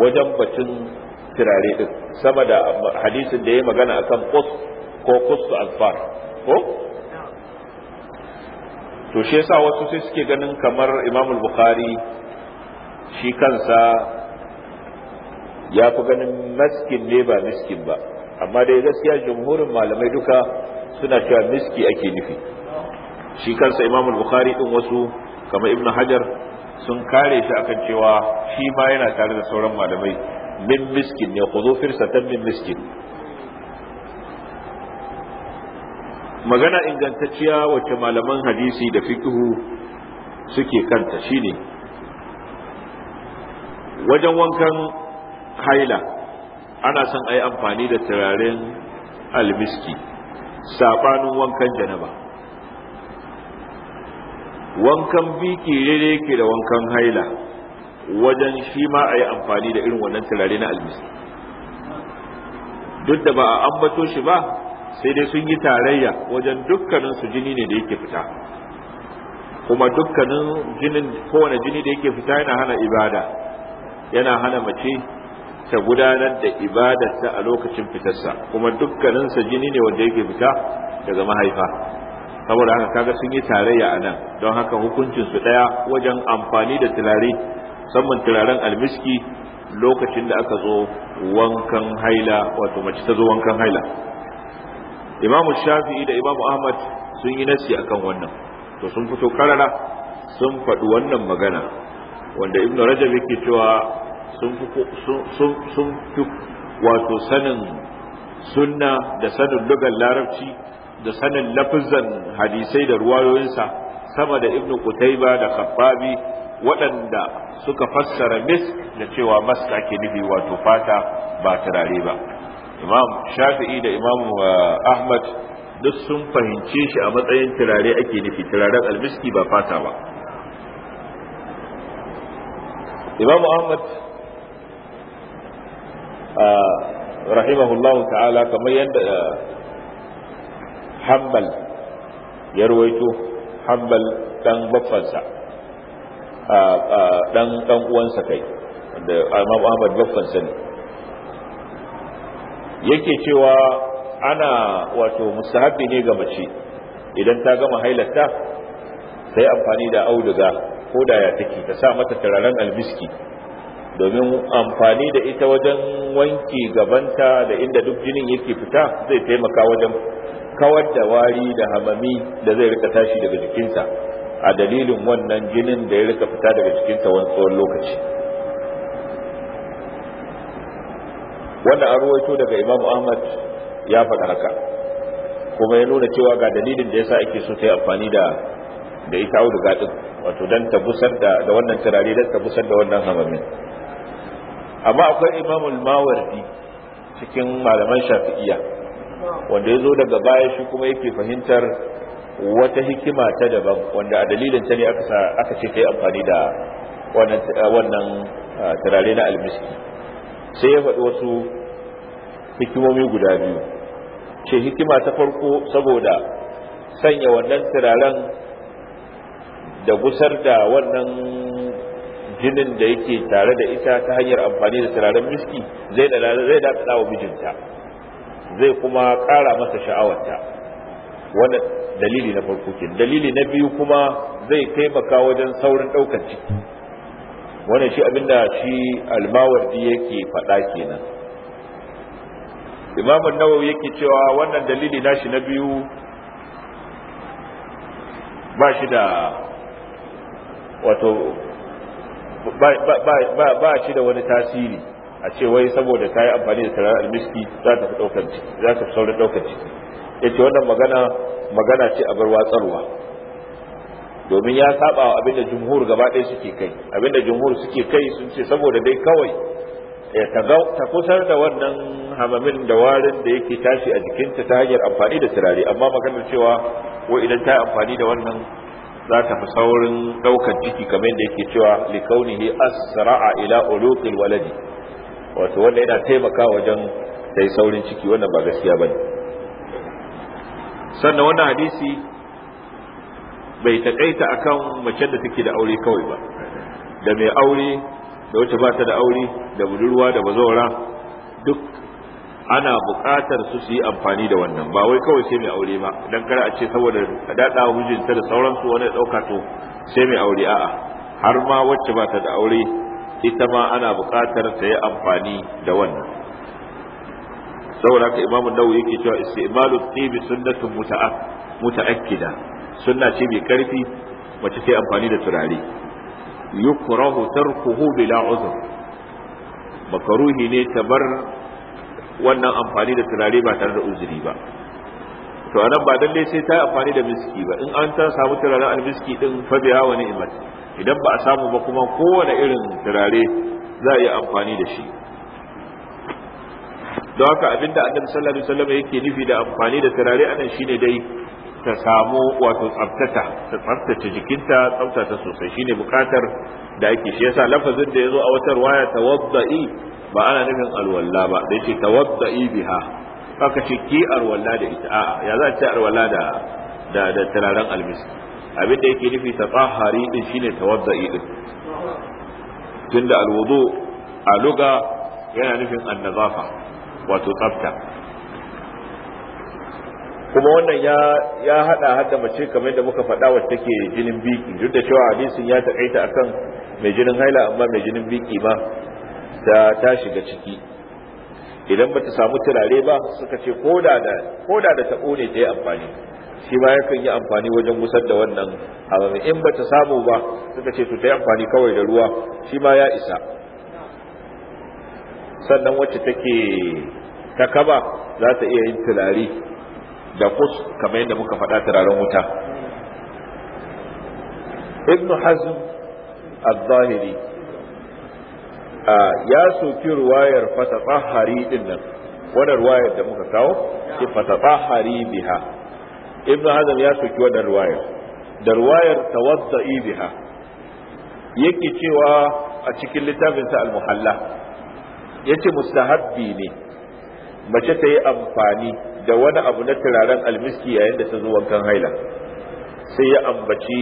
wajen batun turare din saboda hadisin da ya magana akan qus ko qustu azfar ko to shi yasa wasu sai suke ganin kamar Imam Bukhari shi kansa ya fi ganin maskin ne ba miskin ba amma dai gaskiya jumhurin malamai duka suna cewa miski ake nufi shi kansa Imam Bukhari din wasu kamar Ibn Hajar sun kare shi akan cewa shi ma yana tare da sauran malamai min miskin ne ku zo firsatan min miskin magana ingantacciya wacce malaman hadisi da fikihu suke kanta shine wajen wankan haila ana son a yi amfani da turaren almiski saɓanin wankan janaba wankan biki daidai yake da wankan haila wajen shi ma a yi amfani da irin wannan turare na almisi duk da ba a ambato shi ba sai dai sun yi tarayya wajen dukkanin su jini ne da yake fita kuma dukkanin jinin kowane jini da yake fita yana hana ibada yana hana mace ta gudanar da ibadarta a lokacin fitarsa kuma dukkaninsa jini ne wanda yake fita daga mahaifa saboda haka kaga sun yi tarayya a nan don haka hukuncin su daya wajen amfani da turare musamman turaren almiski lokacin da aka zo wankan haila wato mace ta zo wankan haila imamu shafi'i da imamu ahmad sun yi nasi akan wannan to sun fito karara sun faɗi wannan magana wanda ibnu rajab yake cewa sun fi wato sanin sunna da sanin lugar larabci da sanin lafizan hadisai da ruwayoyinsa sama da ibnu Qutayba da Khabbabi waɗanda suka fassara misk da cewa maska ke nufi wato fata ba turare ba imam shafi'i da imam uh, ahmad duk sun fahimce shi a matsayin turare ake nufi turaren almiski ba fata ba imam ahmad uh, rahimahullahu ta'ala kamar yadda uh, hambal ya ruwaito hambal dan baffansa dan dan uwansa kai da Imam Ahmad babbansa ne yake cewa ana wato mustahabbi ne ga mace idan ta gama hailarta sai amfani da auduga ko da ya take ta sa mata turaren albiski, domin amfani da ita wajen wanki gabanta da inda duk jinin yake fita zai taimaka wajen kawar da wari da hamami da zai rika tashi daga jikinta a dalilin wannan jinin da ya rika fita daga jikinta wani tsawon lokaci wanda an ruwaito daga imamu ahmad ya faɗa haka kuma ya nuna cewa ga dalilin da ya sa ake so ta yi amfani da da ita auduga ɗin wato don ta da wannan turare don ta busar da wannan hamamin amma akwai imamul mawardi cikin malaman shafi'iyya wanda ya zo daga baya shi kuma yake fahimtar wata hikima ta daban wanda a dalilin ta ne aka ce ta yi amfani da wannan turare na almiski sai ya faɗi wasu hikimomi guda biyu ce hikima ta farko saboda sanya wannan turaren da gusar da wannan jinin da yake tare da ita ta hanyar amfani da turaren miski zai da wa mijinta zai kuma ƙara masa sha'awarta wanda dalili na farko ke dalili na biyu kuma zai taimaka wajen saurin ɗaukar ciki wannan shi abinda shi almawardi yake faɗa kenan imamun nawawi yake cewa wannan dalili nashi na biyu ba shi da wato ba shi da wani tasiri a ce wai saboda ta yi amfani da sarari almiski za ta fi ɗaukar ciki za ta fi saurin ɗaukar ciki ya ce wannan magana magana ce a bar watsarwa domin ya saba wa abinda jumhur gaba ɗaya suke kai abinda jumhur suke kai sun ce saboda dai kawai ta kusar da wannan hamamin da warin da yake tashi a jikinta ta hanyar amfani da turare amma maganar cewa wai idan ta yi amfani da wannan za ta fi saurin ɗaukar ciki kamar yadda yake cewa likaunihi asra'a ila uluqil waladi wato wanda yana taimaka wajen ta saurin ciki wannan ba gaskiya ba ne sannan wannan hadisi bai takaita akan mace da take da aure kawai ba da mai aure da wacce ba ta da aure da budurwa da bazawara duk ana buƙatar su su yi amfani da wannan ba wai kawai sai mai aure ba dan kar a ce saboda daɗa hujjinta da sauransu wani ɗauka to sai mai aure a'a har ma wacce ba ta da aure ita ma ana buƙatar ta yi amfani da wannan saboda haka imamu nawawi yake cewa istimalu tibi sunnatun muta'akkida sunna ce mai karfi wacce ta amfani da turare yukrahu tarkuhu bila uzr makaruhi ne ta bar wannan amfani da turare ba tare da uzuri ba to anan ba dalle sai ta amfani da miski ba in an ta samu turaren miski din fa biya wani ni'mat idan ba a samu ba kuma kowane irin turare za a yi amfani da shi don haka abinda annabi sallallahu alaihi yake nufi da amfani da turare anan shine dai ta samu wato tsabtata ta tsabtace jikinta tsabtata sosai shine bukatar da ake shi yasa lafazin da yazo a wata riwaya tawadda'i ba ana nufin alwalla ba da yake tawadda'i biha haka ce ki alwalla da ita a'a ya za alwalla da da turaren almiski abin da yake nufi tsahari din shine tawaddai din tunda alwudu a luga yana nufin annazafa wato tsafta kuma wannan ya ya hada hadda mace kamar da muka faɗa wacce take jinin biki duk da cewa hadisin ya takaita akan mai jinin haila amma mai jinin biki ba ta ta shiga ciki idan bata samu turare ba suka ce koda da koda da tabo ne ta yi amfani shi ba yakan yi amfani wajen musar da wannan hamami in bata samu ba suka ce su ta yi amfani kawai da ruwa shi ma ya isa sannan wacce take ta kaba za ta iya yin turare da kus kamar yadda muka faɗa turaren wuta Ibn hazm al-zahiri ya soki ruwayar fata tsahari din ruwayar da muka kawo ki fata tsahari biha ibn hazm ya soki wannan ruwayar da ruwayar tawadda'i biha yake cewa a cikin littafinsa al-muhalla yace mustahabbi ne mace ta yi amfani da wani abu na turaren almiski yayin da ta zo wankan haila sai ya ambaci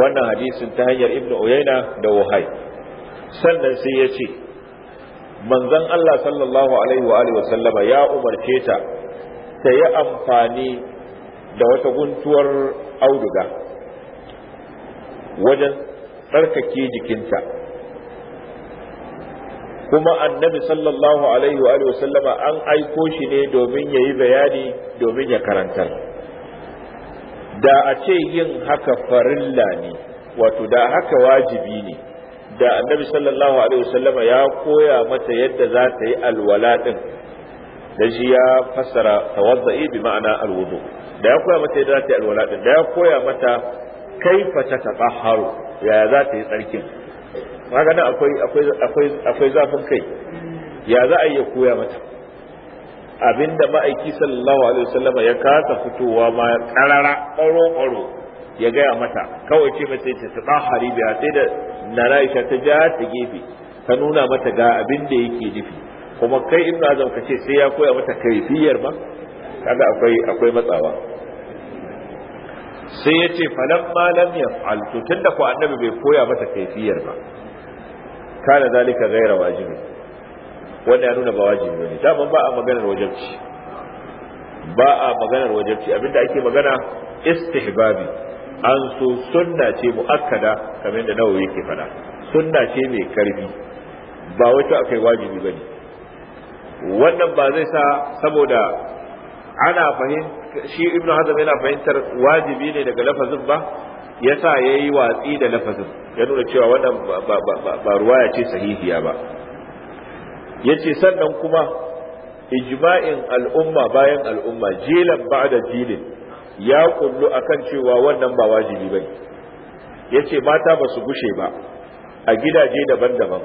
wannan hadisin ta hanyar ibn uyaina da wahai sannan sai ya ce manzon Allah sallallahu alaihi wa sallama ya umarce ta ta yi amfani da wata guntuwar auduga wajen tsarkake jikinta kuma annabi sallallahu alaihi wa sallama an aiko shi ne domin ya yi bayani domin ya karantar da a ce yin haka farilla ne wato da haka wajibi ne da annabi sallallahu alaihi wa sallama ya koya mata yadda za ta yi alwala din da shi ya fassara tawazza'i bi ma'ana alwudu da ya koya mata yadda za ta yi alwala da ya koya mata kai fata ta tatahharu ya za ta yi tsarkin kaga nan akwai akwai akwai akwai zafin kai ya za a ya koya mata abinda ma'aiki sallallahu alaihi wasallama ya kasa fitowa ma karara ƙoro ƙoro ya gaya mata kawai ce mata ta tsahari biya sai da nana Aisha ta ja ta gefe ta nuna mata ga abin da yake nufi kuma kai ibnu azam kace sai ya koya mata kaifiyar ba? kaga akwai akwai matsawa sai ya ce falamma lam yaf'al to tunda ko annabi bai koya masa kaifiyar ba kana zalika ghaira wajibi wanda ya nuna ba wajibi bane ban ba a maganar wajibci ba a maganar wajibci abinda ake magana istihbabi an so sunna ce muakkada kamar yadda nawawi yake fada sunna ce mai karfi ba wata akai wajibi bane wannan ba zai sa saboda ana fahimta shi ibnu hazm yana fahimtar wajibi ne daga lafazin ba yasa yayi watsi da lafazin ya nuna cewa wannan ba ruwaya ce sahihiya ba yace sannan kuma ijma'in al'umma bayan al'umma jilan ba'da jilin ya kullu akan cewa wannan ba wajibi bane yace mata ba su gushe ba a gidaje daban-daban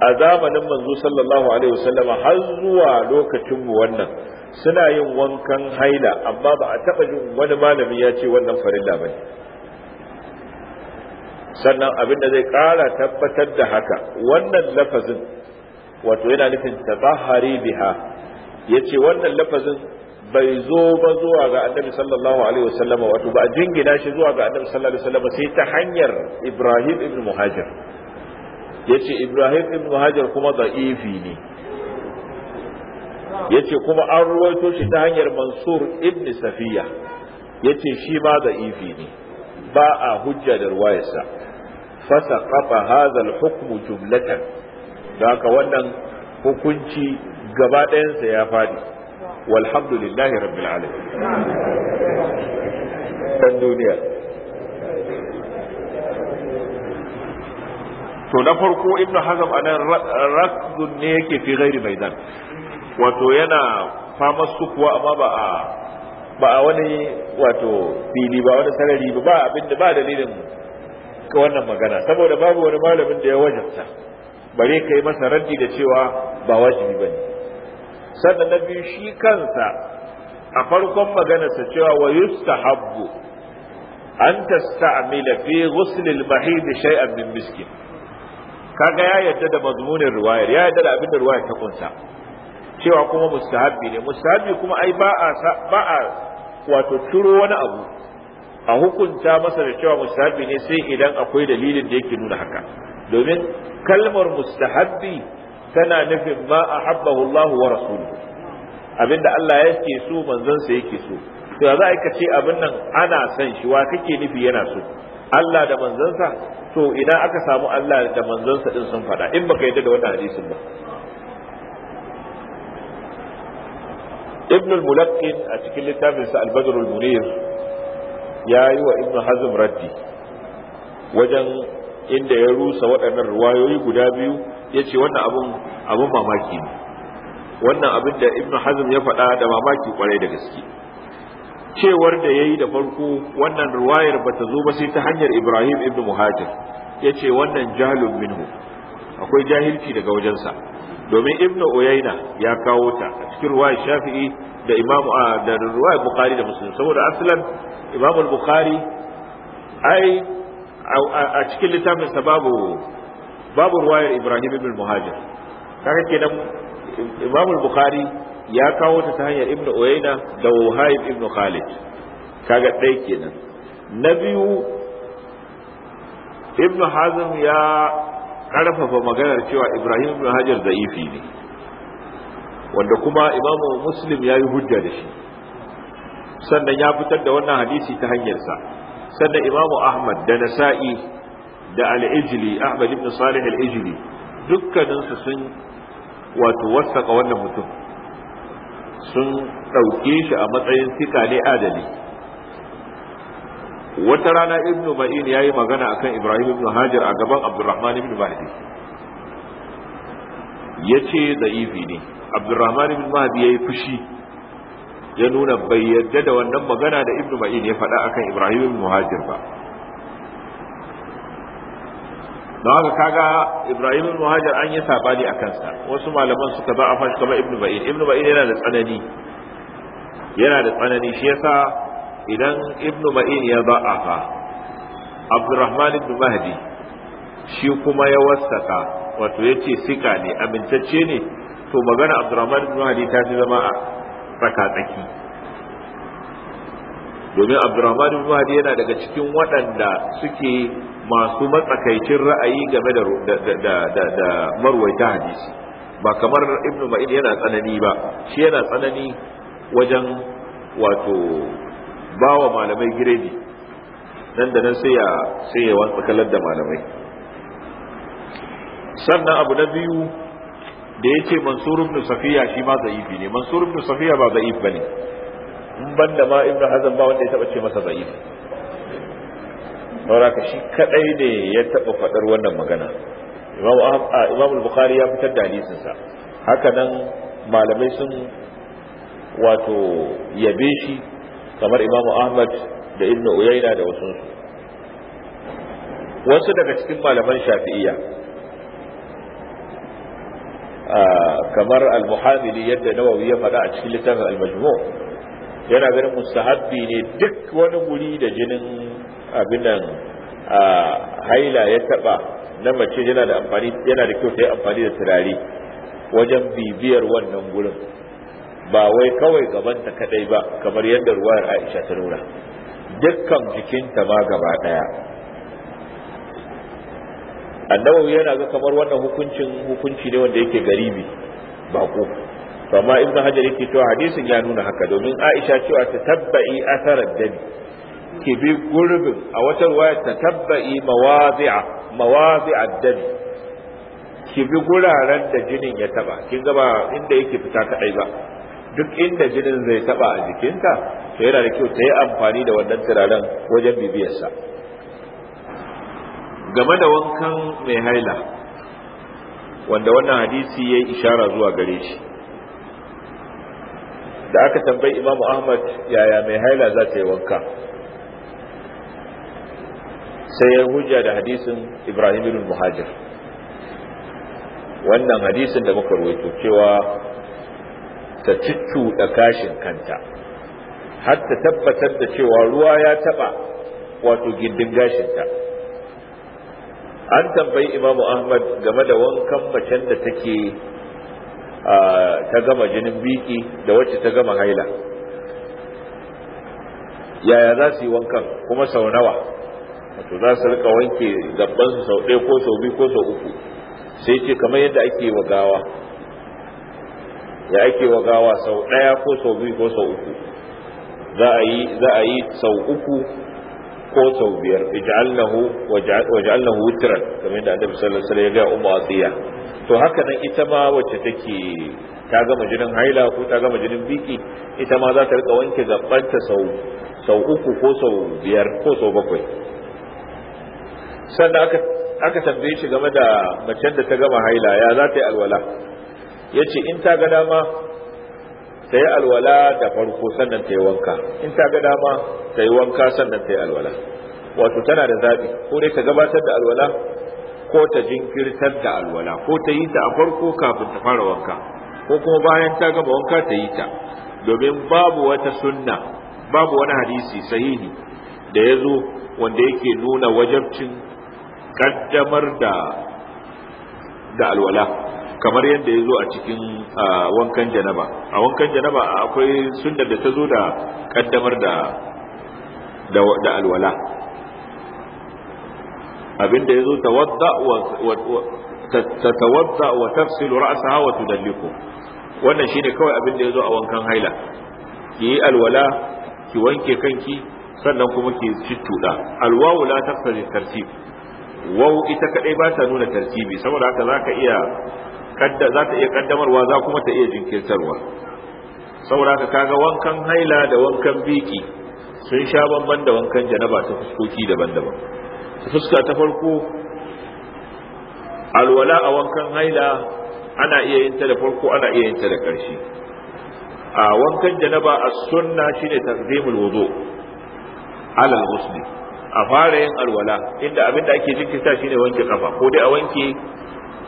a zamanin manzo sallallahu alaihi wasallama har zuwa lokacin mu wannan suna yin wankan haila amma ba a taɓa jin wani malami ya ce wannan farilla ba ne sannan abin da zai ƙara tabbatar da haka wannan lafazin wato yana nufin tatahari biha ya ce wannan lafazin bai zo ba zuwa ga annabi sallallahu alaihi wasallam wato ba a jingina shi zuwa ga annabi sallallahu alaihi wasallam sai ta hanyar ibrahim ibn muhajir ya ce ibrahim ibn muhajir kuma da'ifi ne yace kuma an ruwaito shi ta hanyar mansur ibn safiya yace shi ma da ifi ne ba a hujja da ruwayarsa fasa kafa hazal al-hukm jumlatan da haka wannan hukunci gaba ɗayansa ya fadi walhamdulillahi rabbil alamin dan duniya to na farko ibnu hazm anan rakdun ne yake fi mai maidan wato yana fama su kuwa amma ba a ba a wani wato fili ba wani sarari ba ba abin da ba dalilin ka wannan magana saboda babu wani malamin da ya wajabta bare kai masa raddi da cewa ba wajibi ba ne sannan na biyu shi kansa a farkon maganarsa cewa wa yustahabbu an tasta'mila fi ghusl al-mahid shay'an min miskin kaga ya yadda da mazmunin riwayar ya yadda da abin da riwayar ta kunsa cewa kuma mustahabbi ne mustahabbi kuma ai ba a ba a wato turo wani abu a hukunta masa da cewa mustahabbi ne sai idan akwai dalilin da yake nuna haka domin kalmar mustahabbi tana nufin ma habbahu Allah wa rasuluhu abinda Allah yake so manzon sa yake so to za a ce abin nan ana san shi wa kake nufi yana so Allah da manzansa to idan aka samu Allah da manzansa din sun faɗa in baka yadda da wannan hadisin ba ibn al a cikin littafinsa, sa al ya yi wa ibn hazm raddi wajen inda ya rusa waɗannan ruwayoyi guda biyu yace wannan abun mamaki ne wannan abin da ibn hazm ya faɗa da mamaki kwarai da gaske cewar da yayi da farko wannan ruwayar bata zo ba sai ta hanyar ibrahim ibn muhajir yace wannan jahlun minhu akwai jahilci daga wajensa domin ibn uyayna ya kawo ta a cikin ruwayar shafi'i da imamu da ruwayar bukhari da muslim saboda aslan imamu bukhari ai a cikin littafin sa babu babu ruwayar ibrahim ibn muhajir kaga kenan imamu bukhari ya kawo ta ta hanyar ibn uyayna da wahib ibn khalid kaga ɗaya kenan na biyu ibn hazm ya ƙarfafa maganar cewa ibrahim ibn hajar da'ifi ne wanda kuma imamu muslim ya yi hujja da shi sannan ya fitar da wannan hadisi ta hanyarsa sannan imamu ahmad da nasa'i da al'ijili ahmad ibn salih al'ijili dukkaninsu sun wato wasaka wannan mutum sun ɗauke shi a matsayin sika ne adali wata rana ibnu ma'in yayi magana akan ibrahim ibnu hajar a gaban abdurrahman ibnu mahdi yace da ne abdurrahman ibnu mahdi yayi fushi ya nuna bai yadda da wannan magana da ibnu ma'in ya faɗa akan ibrahim ibnu hajar ba don haka kaga ibrahim ibnu hajar an yi sabani a kansa wasu malaman suka ba a fashi kamar ibnu ma'in ibnu ma'in yana da tsanani yana da tsanani shi yasa idan Ibn ma'in ya za'afa abdurrahman ibn mahdi shi kuma ya wasaka wato ya ce sika ne amintacce ne to magana abdurrahman ibn mahdi ta fi zama a tsakatsaki domin abdurrahman ibn mahdi yana daga cikin waɗanda suke masu matsakaicin ra'ayi game da marwaita hadisi ba kamar ibn ma'in yana tsanani ba shi yana tsanani wajen wato ba wa malamai giredi nan da nan sai ya sai ya kalar da malamai sannan abu na biyu da ya ce mansur ibn safiya shi ma za'ifi ne mansur ibn safiya ba za'if bane in ban da ma ibn hazan ba wanda ya taba ce masa za'if saboda shi kadai ne ya taba fadar wannan magana imam al-bukhari ya fitar da hadisin sa haka nan malamai sun wato yabe shi kamar imamu ahmad da ibnu uyaina da wasu wasu daga cikin malaman shafi'iyya kamar al-muhamili yadda nawawi ya faɗa a cikin littafin al-majmu' yana ganin mustahabbi ne duk wani guri da jinin abin nan haila ya taba na mace yana da amfani yana da kyau ta yi amfani da turare wajen bibiyar wannan gurin ba wai kawai gabanta kadai ba kamar yadda ruwayar Aisha ta nuna dukkan jikinta ma gaba daya annabawi yana ga kamar wannan hukuncin hukunci ne wanda yake garibi ko amma ibnu hajar yake to hadisin ya nuna haka domin Aisha cewa ta tabbai asarar dami ki bi gurbin a wata ruwayar ta tabbai mawazi'a mawazi'a dami ki bi guraren da jinin ya taba kin ga ba inda yake fita kadai ba duk inda jinin zai taba a jikinta to yana da kyau ta yi amfani da wannan turaren wajen bibiyarsa game da wankan mai haila wanda wannan hadisi ya yi ishara zuwa gare shi da aka tambayi imamu ahmad yaya mai haila za ta yi wanka sai ya hujja da hadisin ibrahim ibn muhajir wannan hadisin da muka rawaito cewa ta da gashin kanta har ta tabbatar da cewa ruwa ya taɓa wato gindin gashinta an tambayi imamu ahmad game da wankan macen da take ta gama jinin biki da wacce ta gama haila yaya za su yi wankan kuma sau nawa wato za su rika wanke gabban sau ɗaya ko sau biyu ko sau uku sai ce kamar yadda ake wa gawa ya ake wa gawa sau ɗaya ko sau biyu ko sau uku za a yi za a yi sau uku ko sau biyar ij'alnahu waj'alnahu witran kamar da Annabi sallallahu alaihi wasallam ya ga Ummu Asiya to haka nan ita ma wacce take ta gama jinin haila ko ta gama jinin biki ita ma za ta rika wanke gabanta sau sau uku ko sau biyar ko sau bakwai sannan aka aka tambaye shi game da macen da ta gama haila ya za ta yi alwala ya ce in ta ga dama ta yi alwala da farko sannan ta yi wanka in ta ga dama ta yi wanka sannan ta yi alwala wato tana da zaɓi ko dai ta gabatar da alwala ko ta jinkirtar da alwala ko ta yi ta a farko kafin ta fara wanka ko kuma bayan ta gama wanka ta yi ta domin babu wata sunna babu wani hadisi sahihi da ya zo wanda yake nuna wajabcin kaddamar da da alwala kamar yadda ya zo a cikin wankan janaba a wankan janaba akwai sunna da ta zo da kaddamar da da alwala abinda ya zo tawadda wa tafsil ra'saha wa tudalliku wannan shine kawai abin da zo a wankan haila ki yi alwala ki wanke kanki sannan kuma ki cittuda alwawu la tafsil tartib Wau ita kadai ba ta nuna tartibi saboda haka zaka iya za ta iya kaddamarwa za kuma ta iya jinkirtarwa saboda ka kaga wankan haila da wankan biki sun sha bamban da wankan janaba ta fuskoki daban-daban fuska ta farko alwala a wankan haila ana iya yin ta da farko ana iya yin ta da ƙarshe a wankan janaba a sunna shi ne takzimul wudu ala musli a fara yin alwala inda abin da ake jinkirta shine wanke kafa ko dai a wanke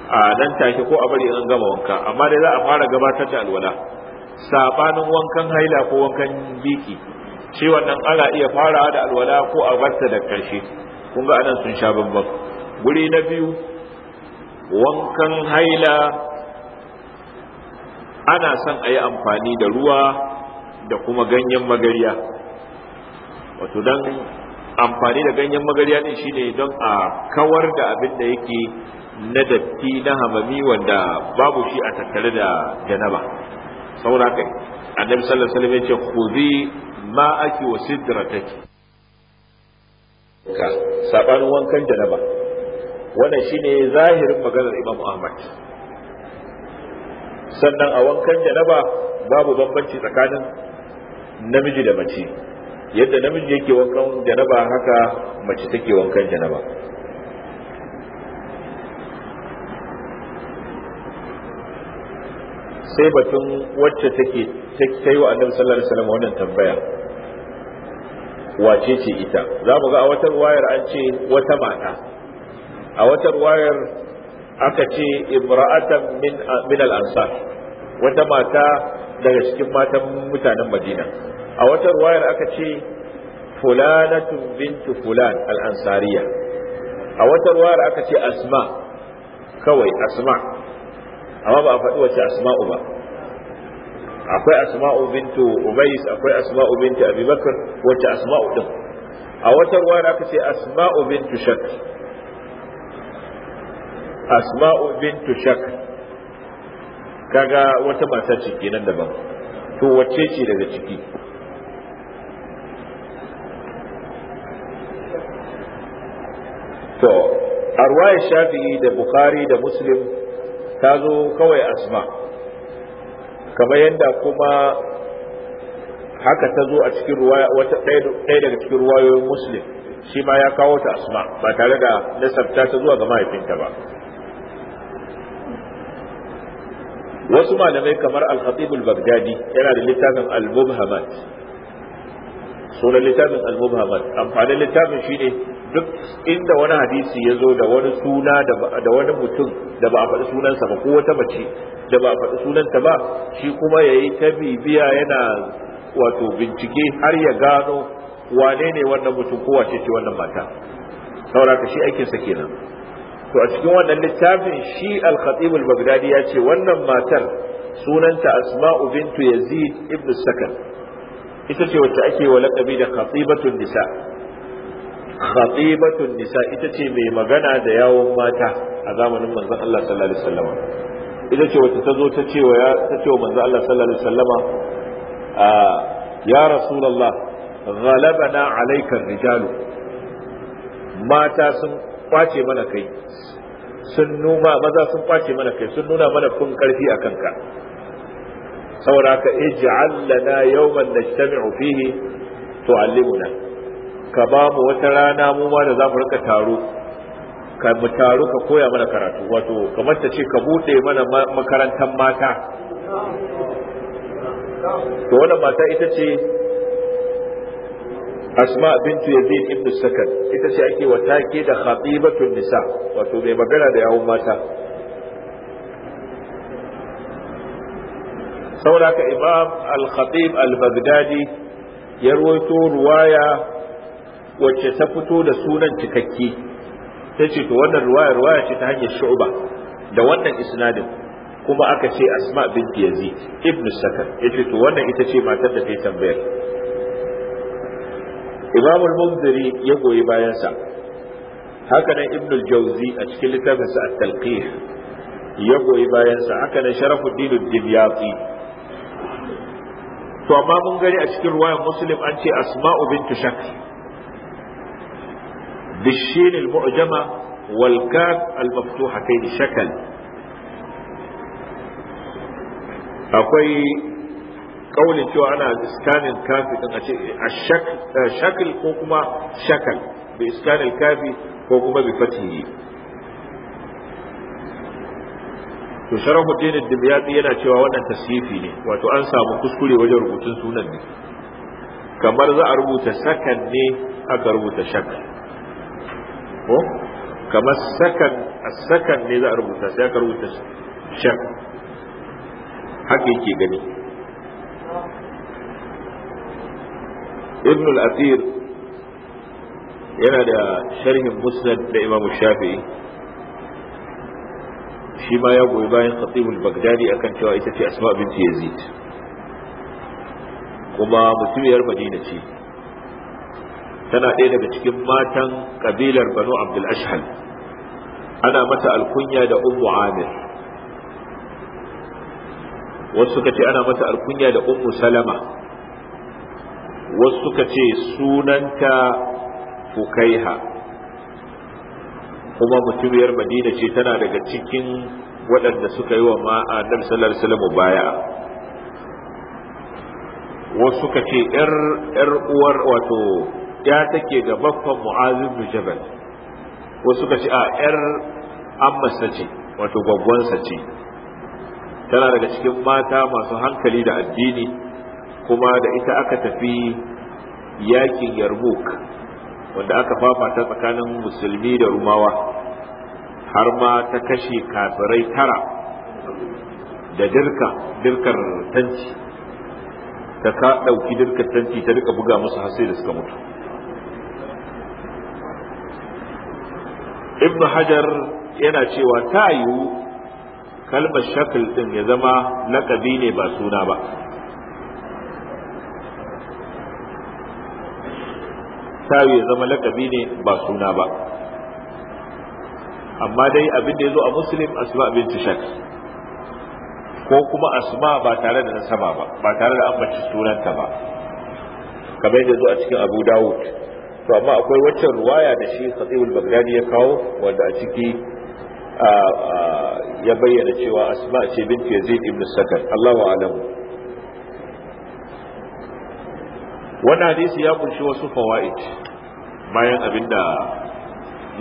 a nan take ko a bari in gama wanka amma dai za a fara gabatar da alwala sabanin wankan haila ko wankan biki shi wannan ana iya farawa da alwala ko a barta da karshe kun ga anan sun sha bambam guri na biyu wankan haila ana son a yi amfani da ruwa da kuma ganyen magariya wato dan amfani da ganyen magariya ne shine don a kawar da abin da yake na datti na hamami wanda babu shi a tattare da janaba saboda kai annabi sallallahu alaihi wasallam yace khudhi ma aki wa sidrataki ka sabar wankan janaba wannan shine zahirin maganar imam ahmad sannan a wankan janaba babu bambanci tsakanin namiji da mace yadda namiji yake wankan janaba haka mace take wankan janaba sai batun wacce take ta yi wa annabi sallallahu alaihi wasallam wannan tambaya wace ce ita za mu ga a wata ruwayar an ce wata mata a wata ruwayar aka ce imra'atan min min al-ansar wata mata daga cikin matan mutanen Madina a wata ruwayar aka ce fulanatun bintu fulan al-ansariya a wata ruwayar aka ce asma kawai asma amma ba a faɗi wace asma'u ba akwai asma'u bintu umayyis akwai asma'u bintu abubakar wace asma'u din a wata ruwa da aka ce asma'u bintu shak asma'u bintu shak kaga wata mata ce kenan daban to wace ce daga ciki to a shafi shafi'i da bukhari da muslim ta zo kawai asma kamar yadda kuma haka ta zo a cikin ruwa wata ɗaya daga cikin ruwayoyin muslim shi ma ya kawo ta asma ba tare da nasabta ta zuwa ga mahaifinta ba wasu malamai kamar al-khatib al-baghdadi yana da littafin al-mubhamat sunan littafin al-mubhamat amfanin littafin shine duk inda wani hadisi ya zo da wani suna da wani mutum da ba a faɗi sunansa ba ko wata mace da ba a faɗi sunanta ba shi kuma ya yi ta bibiya yana wato bincike har ya gano wane ne wannan mutum ko wace ce wannan mata sauraka shi aikinsa kenan to a cikin wannan littafin shi al-khatib al-baghdadi ya ce wannan matar sunanta asma'u bintu yazid ibn sakan ita ce wacce ake wa laqabi da khatibatu nisa' khatibatun nisa ita ce mai magana da yawon mata a zamanin manzo Allah sallallahu alaihi wasallam ita ce wata ta zo ta ce wa ta ce wa manzo Allah sallallahu alaihi wasallama ya rasulullah ghalabana alayka rijalu mata sun kwace mana kai sun numa maza sun kwace mana kai sun nuna mana kun karfi akan ka saboda ka ij'al lana yawman najtami'u fihi tu'allimuna ka ba mu wata rana mu ma da za mu rika taro ka mu taro ka koya mana karatu wato kamar ta ce ka bude mana makarantar mata to wannan mata ita ce asma bintu yazid ibn sakan ita ce ake ke da khatibatun nisa wato mai magana da yawun mata saboda ka imam al-khatib al-baghdadi ya ruwaito ruwaya wacce ta fito da sunan cikakke ta ce to wannan ruwaya ruwaya ce ta hanyar shu'ba da wannan isnadin kuma aka ce asma bint yazid ibn sakar yace to wannan ita ce matar da ta yi tambayar imam al-munziri ya goyi bayan sa haka nan ibn al-jawzi a cikin littafin sa at-talqih ya goyi bayan sa haka nan sharafuddin al dibyati to amma mun gani a cikin ruwayan muslim an ce asma'u bintu shakr بالشين المعجمة والكاف المفتوحة كين شكل أقوي قول شو أنا إسكان الكاف الشكل شكل كوكما شكل بإسكان الكاف كوكما بفتحه to sharafu dinin dimyatsi yana cewa wannan tasrifi ne wato an samu kuskure wajen rubutun sunan kamar za a rubuta sakan ne aka rubuta shakal ko kamar sakan a sakan ne za a rubuta sai aka rubuta shak haka yake gani ibn al-athir yana da sharhin musnad da imam shafi'i shi ma ya goyi bayan khatibul bagdadi akan cewa ita ce asma bint yazid kuma mutumiyar madina ce tana ɗaya daga cikin matan ƙabilar banu abdul ashhal ana mata alkunya da ummu amir wasu suka ce ana mata alkunya da ummu salama wasu suka ce sunanta fukaiha kuma mutumiyar madina ce tana daga cikin waɗanda suka yi wa ma'anar sallar salamu baya wasu suka ce ‘yar uwar wato ya take ga baffan mu'az bin jabal wasu suka ce a yar ammasa ce wato gwaggonsa ce tana daga cikin mata masu hankali da addini kuma da ita aka tafi yakin yarmouk wanda aka ta tsakanin musulmi da rumawa har ma ta kashe kafirai tara da dirka dirkar tanti ta ka ɗauki dirkar tanti ta rika buga musu har sai da suka mutu Ibn hajar yana cewa ta yiwu kalmar shakl din ya zama laƙabi ne ba suna ba ta ya zama lakabi ne ba suna ba amma dai abin da ya zo a muslim asma binti shakl ko kuma asma ba tare da nasaba ba ba tare da ambaci sunanta ba kamar yadda zo a cikin abu dawud to amma akwai waccan ruwaya da shi khatibul bagdadi ya kawo wanda a ciki ya bayyana cewa asma ce binti yazid ibn sakan Allahu a'lam wannan hadisi ya kunshi wasu fawaid bayan abinda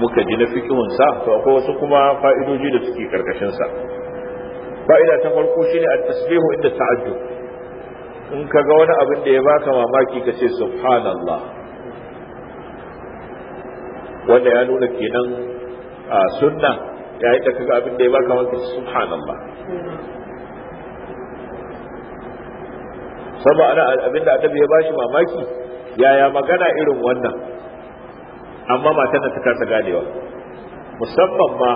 muka ji na fikihun sa to akwai wasu kuma fa'idoji da suke karkashin sa fa'ida ta farko shine at-tasbihu inda ta'ajjub in ka ga wani abin da ya baka mamaki kace subhanallah wanda ya nuna kenan a sunna ya yi daga abin da ya baka ba subhanallah saboda abin da annabi ya bashi mamaki yaya magana irin wannan amma matan da ta kasa ganewa musamman ma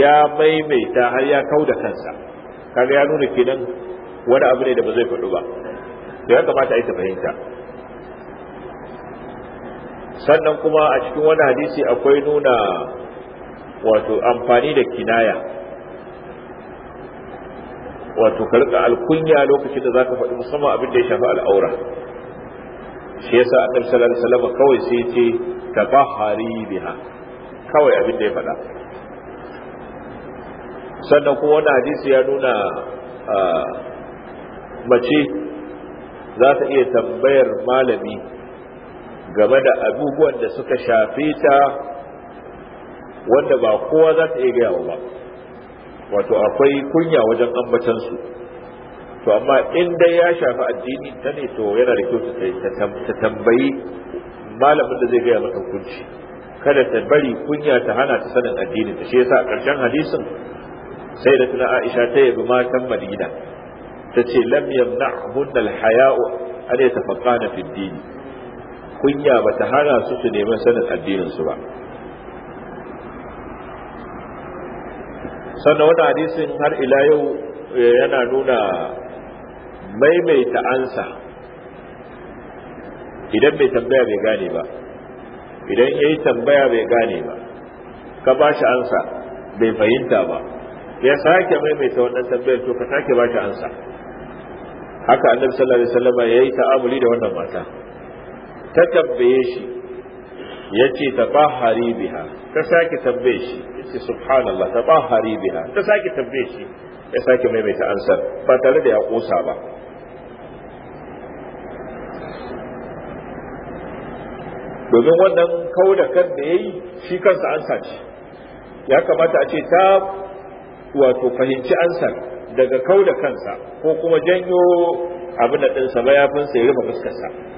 ya maimaita har ya kau da kansa kaga ya nuna kenan wani abu ne da ba zai faɗu ba ya kamata a yi ta fahimta sannan kuma a cikin wani hadisi akwai nuna wato amfani da kinaya wato karka alkunya lokacin da zaka faɗi musamman abin da ya shafi al'aura shi yasa annabi sallallahu alaihi wasallam kawai sai ce tabahari biha kawai abin da ya faɗa sannan kuma wani hadisi ya nuna ah, mace za ta iya tambayar malami game da abubuwan da suka shafe ta wanda ba kowa za ta iya gaya ba wato akwai kunya wajen ambatansu to amma in dai ya shafi addini ta ne to yana da kyau ta tambayi malamin da zai gaya mata hukunci kada ta bari kunya ta hana ta sanin addinin ta shi yasa a ƙarshen hadisin sai da tuna Aisha ta yabi matan Madina ta ce lam yamna'hunna hayau an yatafaqqana fi ad-din kunya ba ta hana su su nemi sanin addininsu ba sannan wani hadisin har ila yau eh, yana nuna maimaita ansa idan mai tambaya bai gane ba idan ya yi tambaya bai gane ba ka ba shi ansa bai fahimta ba ya sake maimaita wannan tambayar to ka sake ba shi ansa haka annabi sallallahu alaihi wasallam ya yi ta'amuli da wannan mata ta tabbaye shi ya ce ta tabahari biha ta sake tabbaye shi ya ce subhanallah tabahari biha ta sake tabbaye shi ya sake maimaita ansar ba tare da ya kosa ba domin wannan kawo da kan da ya yi shi kansa ansa ce ya kamata a ce ta wato fahimci ansar daga kau da kansa ko kuma janyo abin da ɗinsa bayafinsa ya rufe fuskarsa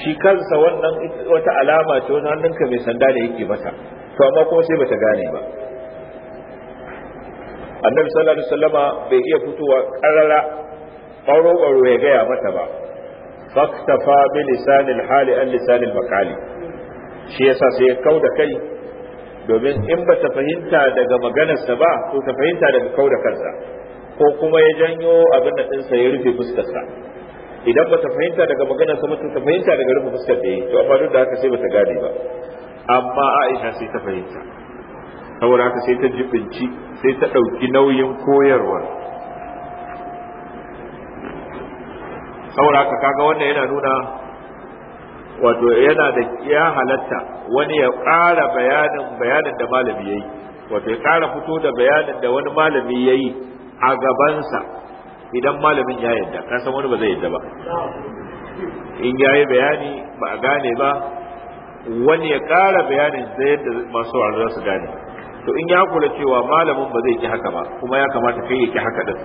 shi kansa wannan wata alama ce wani hannunka mai sanda da yake masa to amma kuma sai bata gane ba annabi sallallahu alaihi wasallama bai iya fitowa karara baro baro ya gaya mata ba faktafa bi lisanil hali an lisanil makali shi yasa sai ya kauda kai domin in bata fahimta daga maganarsa ba to ta fahimta daga kauda kansa ko kuma ya janyo abin da ɗinsa ya rufe fuskarsa idan bata fahimta daga maganar sa mutum ta fahimta daga rufe fuskar da yi to amma duk da haka sai bata gane ba amma Aisha sai ta fahimta saboda haka sai ta jibinci sai ta ɗauki nauyin koyarwar saboda haka kaga wannan yana nuna wato yana da ya halatta wani ya ƙara bayanin bayanin da malami yayi wato ya ƙara fito da bayanin da wani malami yayi a gabansa idan malamin ya yadda ka san wani ba zai yadda ba in ya yi bayani ba a gane ba wani ya ƙara bayanin da yadda masu wa'azi za su gane to in ya kula cewa malamin ba zai ki haka ba kuma ya kamata kai ya ki haka din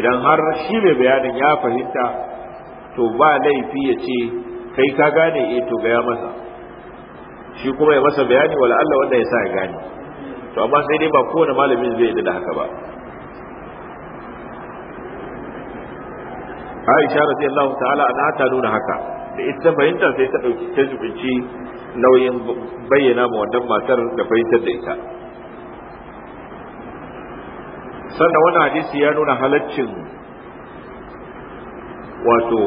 idan har shi mai bayanin ya fahimta to ba laifi ya ce kai ka gane eh to gaya masa shi kuma ya masa bayani wala Allah wanda ya sa ya gane to amma sai dai ba kowane malamin zai yadda da haka ba Aisha radiyallahu ta'ala an ta nuna haka da ita fahimta sai ta dauki ta zubinci nauyin bayyana ma wannan matar da fahimtar da ita sannan wannan hadisi ya nuna halaccin wato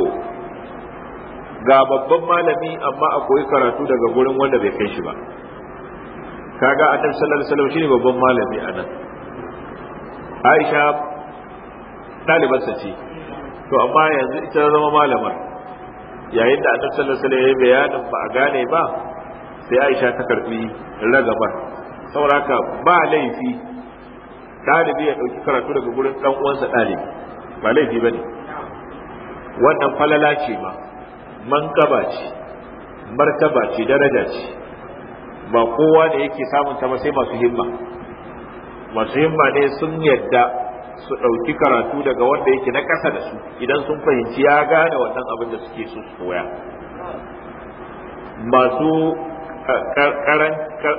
ga babban malami amma akwai karatu daga gurin wanda bai kai shi ba kaga annabi sallallahu alaihi wasallam shine babban malami anan Aisha ɗalibarsa ce to amma yanzu ita zama malamar yayin da annabi sallallahu alaihi wasallam ya bayanin ba a gane ba sai Aisha ta karbi ragabar sauraka ba laifi ɗalibi ya ɗauki karatu daga gurin ɗan uwansa talibi ba laifi bane wannan falala ce ma mankaba ce martaba ce daraja ce ba kowa da yake samun ta ba sai masu himma masu himma ne sun yadda su ɗauki karatu daga wanda yake na ƙasa da su idan sun fahimci ya gane wannan abin da suke so su koya masu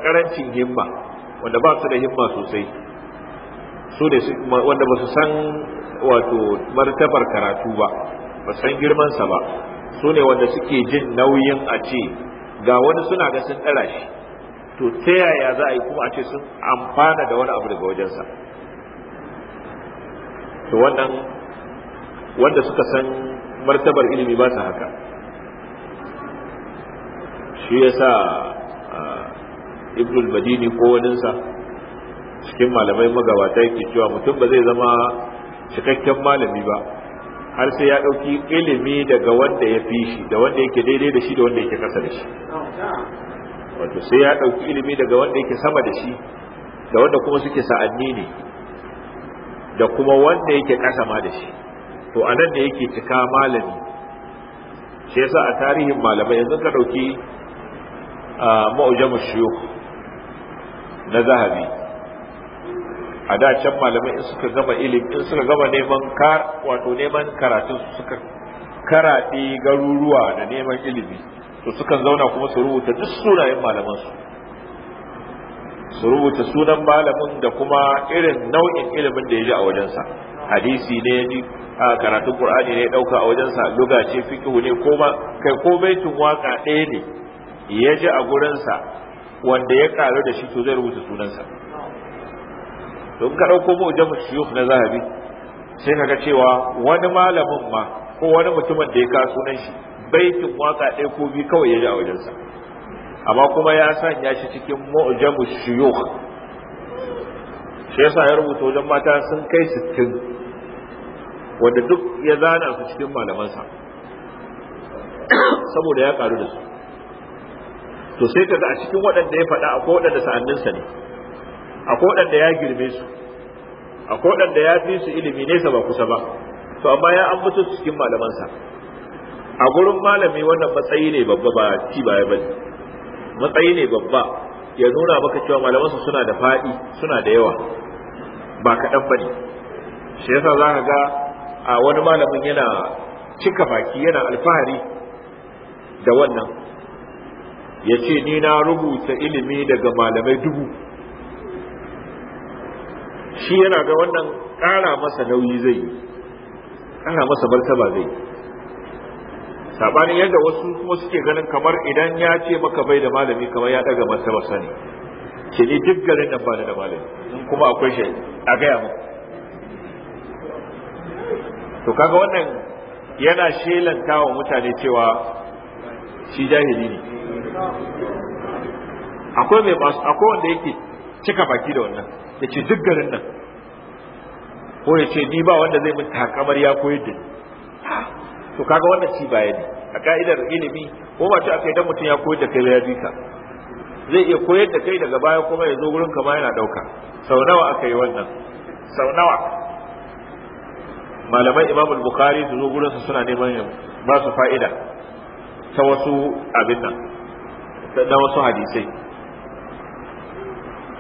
karancin himma wanda ba su da himma sosai su ne wanda ba su san wato martabar karatu ba ba san girmansa ba su ne wanda suke jin nauyin a ce ga wani suna ga sun ɗara shi to ta yaya za a yi kuma a ce sun amfana da wani abu daga wajensa to wannan wanda suka san martabar ilimi ba su haka shi ya sa ibnul madini ko waninsa cikin malamai magabata yake cewa mutum ba zai zama cikakken malami ba har sai ya ɗauki ilimi daga wanda ya fi shi da wanda yake daidai da shi da wanda yake kasa da shi wato sai ya ɗauki ilimi daga wanda yake sama da shi da wanda kuma suke sa'anni ne da kuma wanda yake ƙasa ma da shi to a nan da yake cika malami shi yasa a tarihin malamai yanzu ka ɗauki ma'ujamu na zahabi a da can malamai in suka gama ilim in suka gama neman kar wato neman karatun suka karaɗe garuruwa da neman ilimi to sukan zauna kuma su rubuta duk sunayen malamansu su rubuta sunan malamin da kuma irin nau'in ilimin da ya ji a wajensa hadisi ne ya ji a karatun qur'ani ne ya dauka a wajensa luga ce fiqhu ne ko ma kai ko baitin waka ɗaya ne ya ji a gurinsa wanda ya karu da shi to zai rubuta sunansa don ka dauko da shuyukh na zahabi sai kaga cewa wani malamin ma ko wani mutumin da ya ka sunan shi baitin waka ɗaya ko bi kawai ya ji a wajensa amma kuma ya sanya shi cikin mu'jamu shuyukh shi yasa ya rubuta wajen mata sun kai 60 wanda duk ya zana su cikin malamansa saboda ya karu da su to sai ga a cikin waɗanda ya faɗa akwai waɗanda sa'anninsa ne akwai waɗanda ya girme su akwai waɗanda ya fi su ilimi nesa ba kusa ba to amma ya ambata su cikin malamansa a gurin malami wannan matsayi ne babba ba ci baya bane matsayi ne babba ya nuna maka cewa malamansu suna da faɗi suna da yawa ba kaɗan ba ne shi yasa za ka ga a wani malamin yana cika baki yana alfahari da wannan ya ce ni na rubuta ilimi daga malamai dubu shi yana ga wannan ƙara masa nauyi zai yi ƙara masa martaba zai yi sabanin yadda wasu kuma suke ganin kamar idan ya ce maka bai da malami kamar ya daga masa ba sani ke ni duk garin nan ba da malami in kuma akwai shi a gaya mu to kaga wannan yana shelanta wa mutane cewa shi jahili ne akwai mai masu akwai wanda yake cika baki da wannan ya ce duk garin nan ko ya ce ni ba wanda zai mun takamar ya koyar da ni to kaga wannan ci baya ne a ka'idar ilimi ko ba ta akai dan mutum ya koyar da kai ya bi ka zai iya koyar da kai daga baya kuma ya zo gurin kama yana dauka sau nawa aka yi wannan sau nawa malamai imam bukhari su zo gurin su suna neman ba su fa'ida ta wasu abin nan na wasu hadisai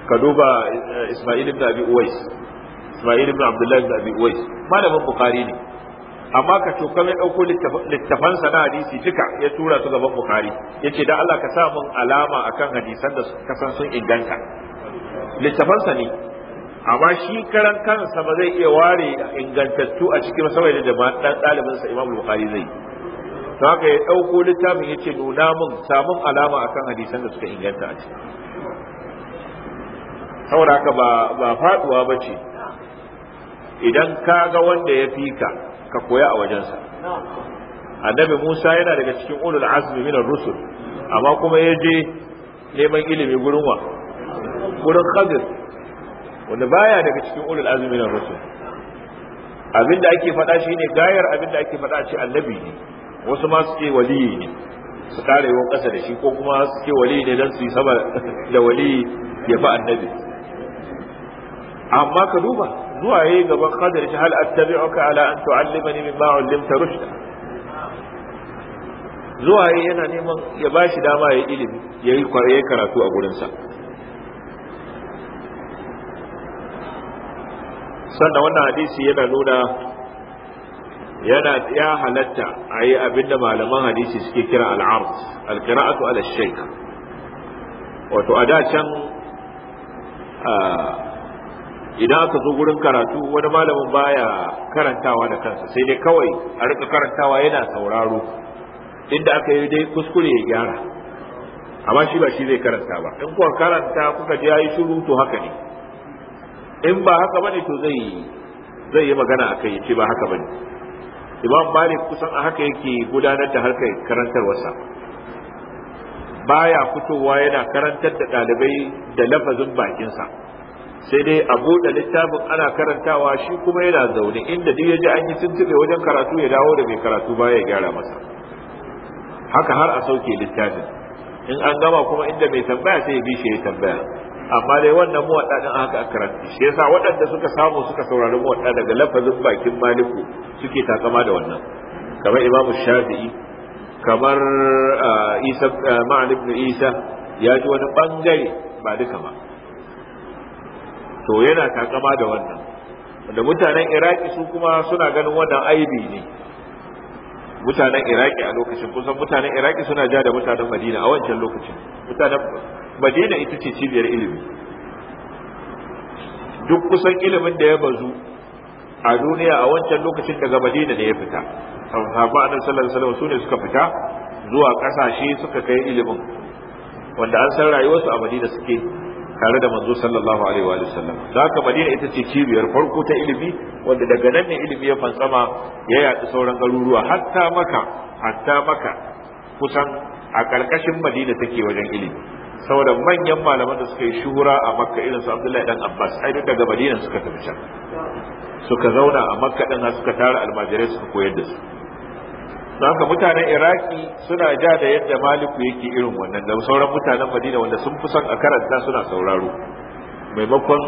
ka duba eh, Isma'il ibn Abi Uwais Isma'il ibn Abdullah ibn Abi Uwais malamin Bukhari ne amma ka to kamar ɗauko littafansa na hadisi duka ya tura su gaban bukari ya ce da Allah ka sa mun alama akan hadisan da ka san sun inganta littafansa ne amma shi karan kansa ba zai iya ware ingantattu a cikin saboda da ɗalibinsa imam Bukhari zai don haka ya ɗauko littafin ya ce nuna mun samun alama akan hadisan da suka inganta a ciki saboda haka ba faɗuwa ba ce idan ka ga wanda ya fika ka ka koya a wajensa annabi Musa yana daga cikin ulul azmi minar rusul amma kuma ya je neman ilimi gurin wa gurin Khadir wanda baya daga cikin ulul azmi minar rusul da ake faɗa shi ne gayar abin da ake faɗa ce annabi ne wasu ma su ce waliyi ne su kare yawan ƙasa da shi ko kuma su ce waliyi ne don su yi sama da waliyi ya fi annabi amma ka duba zuwa yayi gaban kadar shi hal attabi'uka ala an tu'allimani mimma 'allamta rushda zuwa yayi yana neman ya bashi dama yayi ilimi yayi kwaye karatu a gurin sa sannan wannan hadisi yana nuna yana ya halatta a yi abinda malaman hadisi suke kira al'arz al-qira'atu ala shaykh wato a da can ah, idan aka zo gurin karatu wani malamin baya karantawa da kansa sai dai kawai a rika karantawa yana sauraro inda aka yi dai kuskure ya gyara amma shi ba shi zai karanta ba in kuwa karanta kuka ji yayi shiru to haka ne in ba haka bane to zai zai yi magana akai ya ce ba haka bane imam malik kusan a haka yake gudanar da harkar karantarwarsa baya fitowa yana karantar da ɗalibai da lafazin bakinsa sai dai a buɗe littafin ana karantawa shi kuma yana zaune inda duk ya an yi tuntube wajen karatu ya dawo da mai karatu ba ya gyara masa haka har a sauke littafin in an gama kuma inda mai tambaya sai ya bi shi ya tambaya amma dai wannan muwaɗa ɗin aka karanta shi yasa waɗanda suka samu suka saurari muwaɗa daga lafazin bakin maliku suke takama da wannan kamar imamu shafi'i kamar ah, isa ah, ma'an isa ya ji wani bangare ba duka ba to yana takama da wannan da mutanen iraki su kuma suna ganin wannan aibi ne mutanen iraki a lokacin kusan mutanen iraki suna ja da mutanen madina a wancan lokacin mutanen madina ita ce cibiyar ilimi duk kusan ilimin da ya bazu a duniya a wancan lokacin daga madina ne ya fita sahabba annabi sallallahu alaihi wasallam su ne suka fita zuwa kasashe suka kai ilimin wanda an san rayuwarsu a madina suke tare da manzo sallallahu alaihi wa sallam zaka madina ita ce cibiyar farko ta ilimi wanda daga nan ne ilimi ya fantsama ya yaɗu sauran garuruwa hatta maka hatta maka kusan a ƙarƙashin madina take wajen ilimi saboda manyan malaman da suka yi shuhura a makka irin su abdullahi dan abbas ai duk daga madina suka tafi can suka zauna a makka din suka tara almajirai suka koyar da su don haka mutanen iraki suna ja da yadda maliku yake irin wannan da sauran mutanen madina wanda sun fi son a karanta suna sauraro maimakon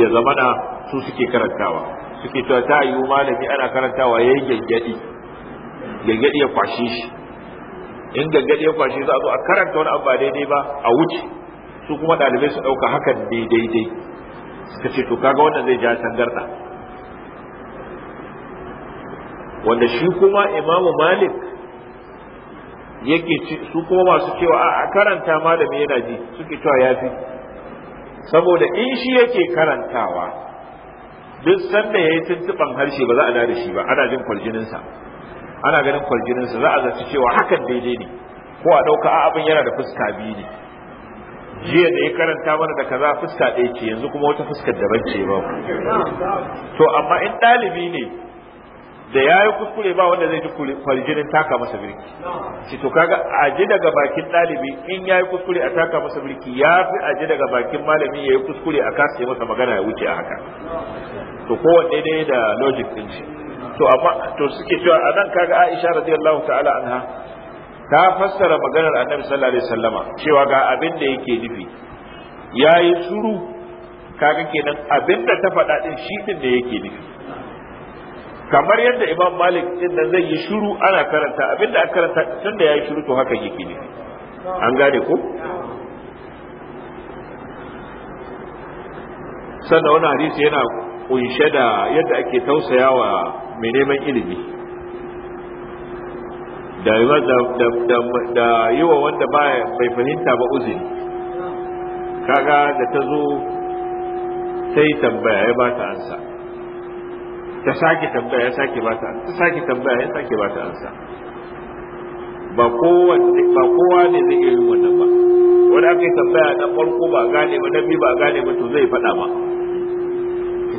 ya zamana su suke karantawa suke cewa ta yiwu malami ana karantawa ya yi gaggadi gaggadi ya kwashe shi in gaggadi ya kwashe za a zo a karanta wani abu ba daidai ba a wuce su kuma ɗalibai su ɗauka hakan daidai suka ce to kaga wannan zai ja tangarɗa wanda shi kuma imamu malik yake su kuma masu cewa a karanta malami yana ji suke cewa ya fi saboda in shi yake karantawa duk sanda ya yi tuntuban harshe ba za a da shi ba ana jin kwarjininsa ana ganin kwarjininsa za a zaci cewa hakan daidai ne ko a ɗauka a abin yana da fuska biyu ne jiya da ya karanta mana da kaza fuska ɗaya ce yanzu kuma wata fuskar daban ce ba to amma in ɗalibi ne da ya yi kuskure ba wanda zai ji kwarjinin taka masa birki ci to kaga a daga bakin ɗalibi in ya yi kuskure a taka masa birki ya fi a daga bakin malami ya yi kuskure a kasa masa magana ya wuce a haka to kowanne dai da logic ɗin shi to amma to suke cewa a nan kaga Aisha radiyallahu ta'ala anha ta fassara maganar Annabi sallallahu alaihi wasallama cewa ga abin da yake nufi yayi suru kaga kenan abin da ta faɗa din shi din da yake nufi kamar yadda imam malik din zai yi shuru, ana karanta abinda aka karanta tun da ya yi shuru, to haka yake ne an gane ko sannan wani hadisi yana kunshe da yadda ake tausayawa mai neman ilimi da da yi wa wanda bai fahimta ba uzuri kaga da ta zo sai tambaya ya ba ta ansa ta sake tambaya ya sake ba ta ta sake tambaya ya sake ba ta ansa ba kowanne ba kowa ne zai iya yin wannan ba wani aka yi tambaya na farko ba gane ba na biyu ba gane ba to zai faɗa ma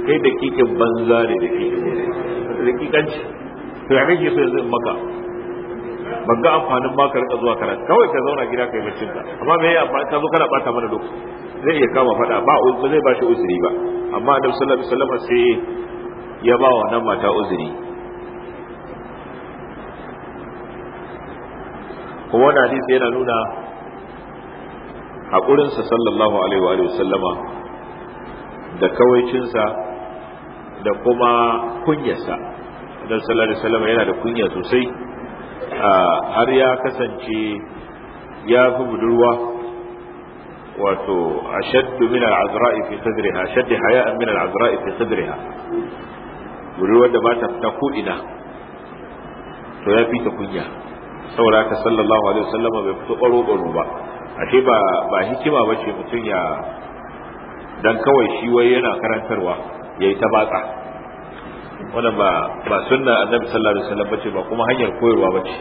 kai da kikin banza ne da kikin da kikanci to ya kake so yanzu in maka ban ga amfanin ma ka rika zuwa karatu kawai ka zauna gida kai baccin ka amma me ya amfani ka zo kana bata mana lokaci zai iya kama faɗa ba zai ba shi uzuri ba amma annabi sallallahu alaihi wasallam sai ya ba wa nan mata uzuri kuma wani hadisi yana nuna haƙurinsa sallallahu alaihi wa sallama da kawaicinsa da kuma kunyarsa don sallallahu alaihi sallama yana da kunya sosai har ya kasance ya fi budurwa wato ashaddu min al-azra'i fi sadriha ashaddu haya'an min al-azra'i fi sadriha budurwar da ba ta fita ko ina to ya fi ta kunya saboda ka sallallahu alaihi wasallam bai fito ƙwaro ƙwaro ba ashe ba ba hikima ba ce mutum ya dan kawai shi wai yana karantarwa yayi ta batsa wannan ba ba sunna annabi sallallahu alaihi wasallam bace ba kuma hanyar koyarwa bace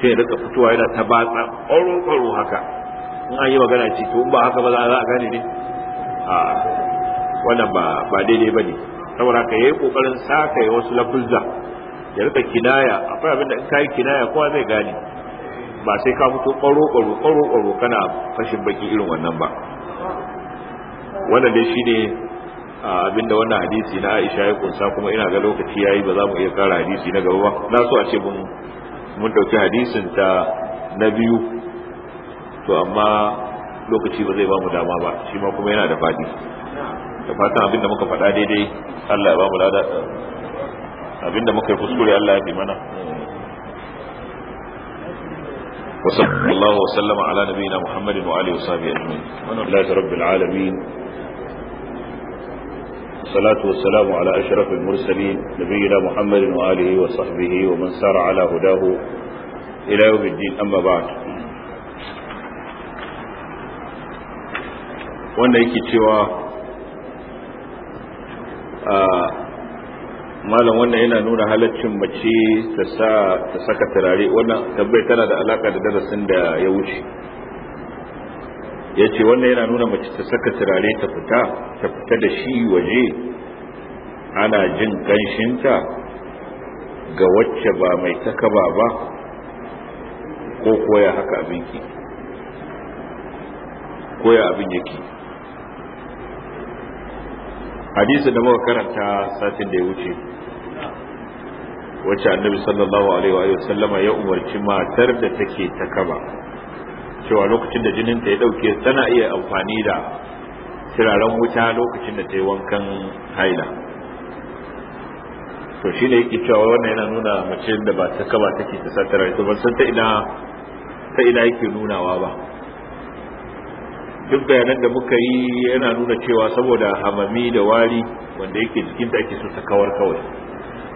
sai ya rika fitowa yana ta batsa ƙwaro ƙwaro haka in an yi magana ce to in ba haka ba za a gane ne a wannan ba daidai ba ne saboda ka yayi kokarin saka yi wasu lafuzza ya rika kinaya akwai abin da in yi kinaya kowa zai gane ba sai ka fito ƙwaro ƙwaro ƙwaro ƙwaro kana fashin baki irin wannan ba wannan dai shine abinda wannan hadisi na Aisha ya kunsa kuma ina ga lokaci ya yi ba za mu iya kara hadisi na gaba ba na so a ce mun mun dauki hadisin ta na biyu to amma lokaci ba zai ba mu dama ba shi ma kuma yana da faɗi. da fatan da muka faɗa daidai Allah ya ba mu lada abinda muka yi kuskure Allah ya bi mana wa sallallahu wa sallama ala nabiyina Muhammadin wa alihi wa sahbihi ajma'in wallahi rabbil alamin والصلاة والسلام على أشرف المرسلين نبينا محمد وآله وصحبه ومن سار على هداه إلى يوم الدين أما بعد وانا يكي cewa malam wannan yana nuna halaccin mace ta saka turare wannan tabbai tana da alaka da darasin da ya wuce Ya ce wannan yana nuna mace ta saka turare ta fita ta fita da shi waje ana jin ganshinta ga wacce ba mai takaba ba ko koya haka abin ki koya abin yake hadisi da muka karanta satin da ya wuce wacce annabi sallallahu alaihi wa sallama ya umarci matar da take ta kaba cewa lokacin da jinin ta ya dauke tana iya amfani da turaren wuta lokacin da ta yi wankan haila to shi ne yake cewa wannan yana nuna mace da ba ta kaba take ta sa to ban san ta ina ta ina yake nunawa ba duk bayanan da muka yi yana nuna cewa saboda hamami da wari wanda yake jikinta ake so ta kawar kawai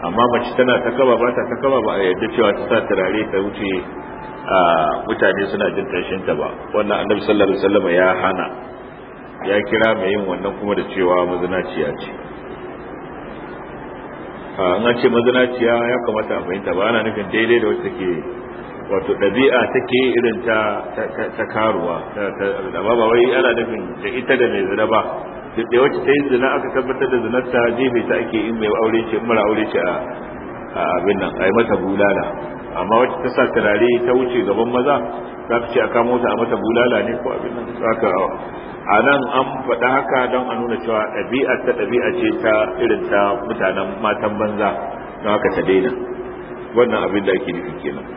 amma mace tana ta kaba ba ta kaba ba a yadda cewa ta sa turare ta wuce a mutane suna jin tashin ta ba wannan annabi sallallahu alaihi wasallam ya hana ya kira mai yin wannan kuma da cewa mazinaciya ce an ce mazinaciya ya kamata a fahimta ba ana nufin daidai da wacce take wato ɗabi'a take irin ta ta karuwa amma ba wai ana nufin da ita da mai zina ba duk da wacce ta yi zina aka tabbatar da zinar ta jefe ta ake in mai aure ce mara aure ce a abin nan a yi mata bulala amma wacce ta sa turare ta wuce gaban maza za ka ce a kamo ta a mata bulala ne ko abin nan Za ka a nan an faɗa haka don a nuna cewa ɗabi'a ta ɗabi'a ce ta irin ta mutanen matan banza don haka ta daina wannan abin da ake nufi kenan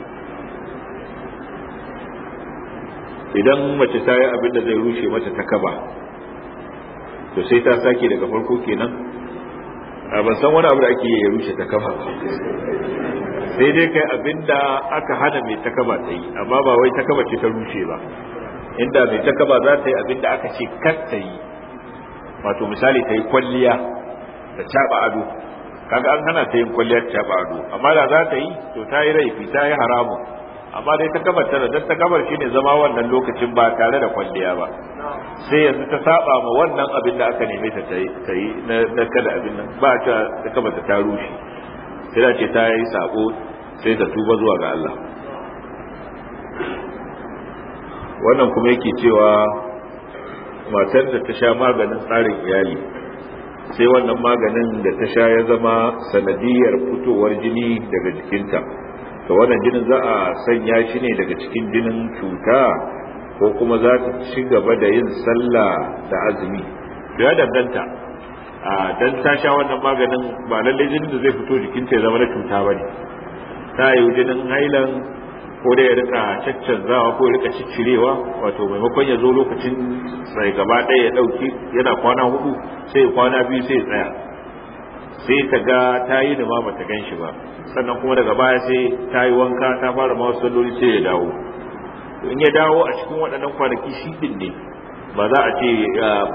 idan mace ta yi abin da zai rushe mata ta kaba to sai ta sake daga farko kenan a ban san wani abu da ake ya rushe ta kaba sai dai kai abin da aka hana mai ta kaba ta yi amma ba wai ta kaba ce ta rushe ba inda mai ta kaba za ta yi abin da aka ce kar ta yi wato misali ta yi kwalliya ta caba ado kaga an hana ta yin kwalliya ta caba ado amma da za ta yi to ta yi raifi ta yi haramun amma dai ta kabar tana don ta kabar shine zama wannan lokacin ba tare da kwalliya ba sai yanzu ta saba ma wannan abin da aka neme ta ta yi na kada abin nan ba ta ta kabar ta rushe sai ce ta yi sako sai ta tuba zuwa ga Allah wannan kuma yake cewa matar da ta sha maganin tsarin iyali sai wannan maganin da ta sha ya zama sanadiyar fitowar jini daga jikinta to wannan jinin za a sanya shi ne daga cikin jinin cuta ko kuma za ta ci gaba da yin sallah da azumi to ya danganta dan ta sha wannan maganin ba lallai jinin da zai fito jikinta ya zama na cuta ba ne ta yi jinin hailan ko da ya rika caccanzawa ko ya rika ciccirewa wato maimakon ya zo lokacin sai gaba ɗaya ya ɗauki yana kwana hudu sai kwana biyu sai tsaya sai ta ga ta yi da ma bata gan shi ba sannan kuma daga baya sai ta yi wanka ta fara ma wasu salloli sai ya dawo in ya dawo a cikin waɗannan kwanaki shi ɗin ne ba za a ce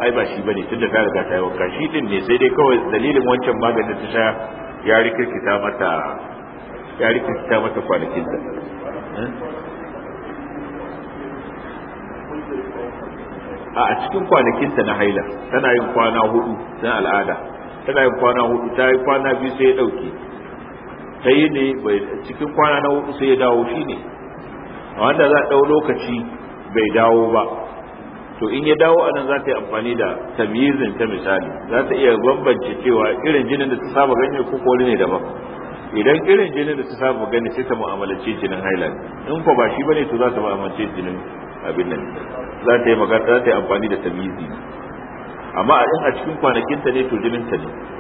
ai ba shi bane da ta riga ta yi wanka shi ɗin ne sai dai kawai dalilin wancan maganin ta sha ya rikirkita mata ya rikirkita mata kwanakin ta eh? a cikin kwanakinta na haila tana yin kwana hudu na al'ada tana yin kwana hudu ta yi kwana biyu sai ya dauke ta yi ne cikin kwana na hudu sai ya dawo shi ne wanda za a ɗau lokaci bai dawo ba to in ya dawo anan za ta yi amfani da tamizin ta misali za ta iya bambance cewa irin jinin da ta saba ganye ko kori ne daban idan irin jinin da ta saba gani sai ta mu'amalace jinin highland in ko ba shi bane to za ta mu'amalace jinin abin nan za ta yi magana za ta yi amfani da tamizi. amma a cikin kwanakin ta ne to jinin ta ne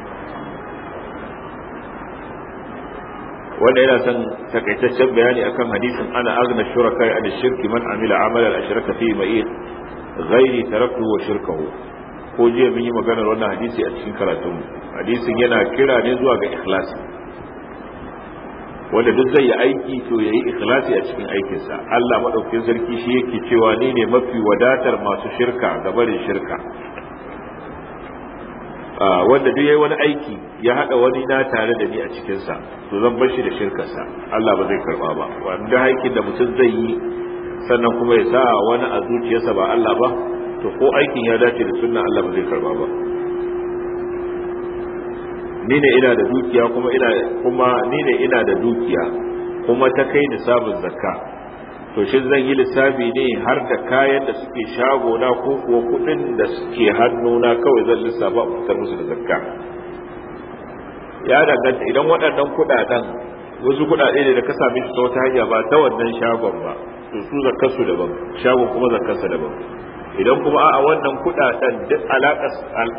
wanda yana son takaitaccen bayani akan hadisin ana azna shuraka da shirki man amila amalan ashraka fi ma'id ghairi taraktu wa shirkahu ko jiya mun yi maganar wannan hadisi a cikin karatun hadisin yana kira ne zuwa ga ikhlasi wanda duk zai yi aiki to ya yi ikhlasi a cikin aikinsa Allah maɗaukin sarki shi yake cewa ni ne mafi wadatar masu shirka ga barin shirka wanda duk yayi wani aiki ya hada wani na tare da ni a cikin sa to zan bar shi da sa Allah ba zai karba ba wanda aikin da mutum zai yi sannan kuma ya sa wani a zuciyarsa ba Allah ba to ko aikin ya dace da sunna Allah ba zai karba ba ni ne ina da dukiya kuma ina kuma ni ne ina da dukiya kuma ta kai zakka to shi zan yi lissafi ne har da kayan da suke shago na ko kuwa kudin da suke hannu na kawai zan lissafa a fitar musu da zakka ya danganta idan waɗannan kuɗaɗen wasu kuɗaɗe ne da ka same su ta wata hanya ba ta wannan shagon ba to su zakkarsu daban shagon kuma zakkarsa daban idan kuma a wannan kudaden duk alakas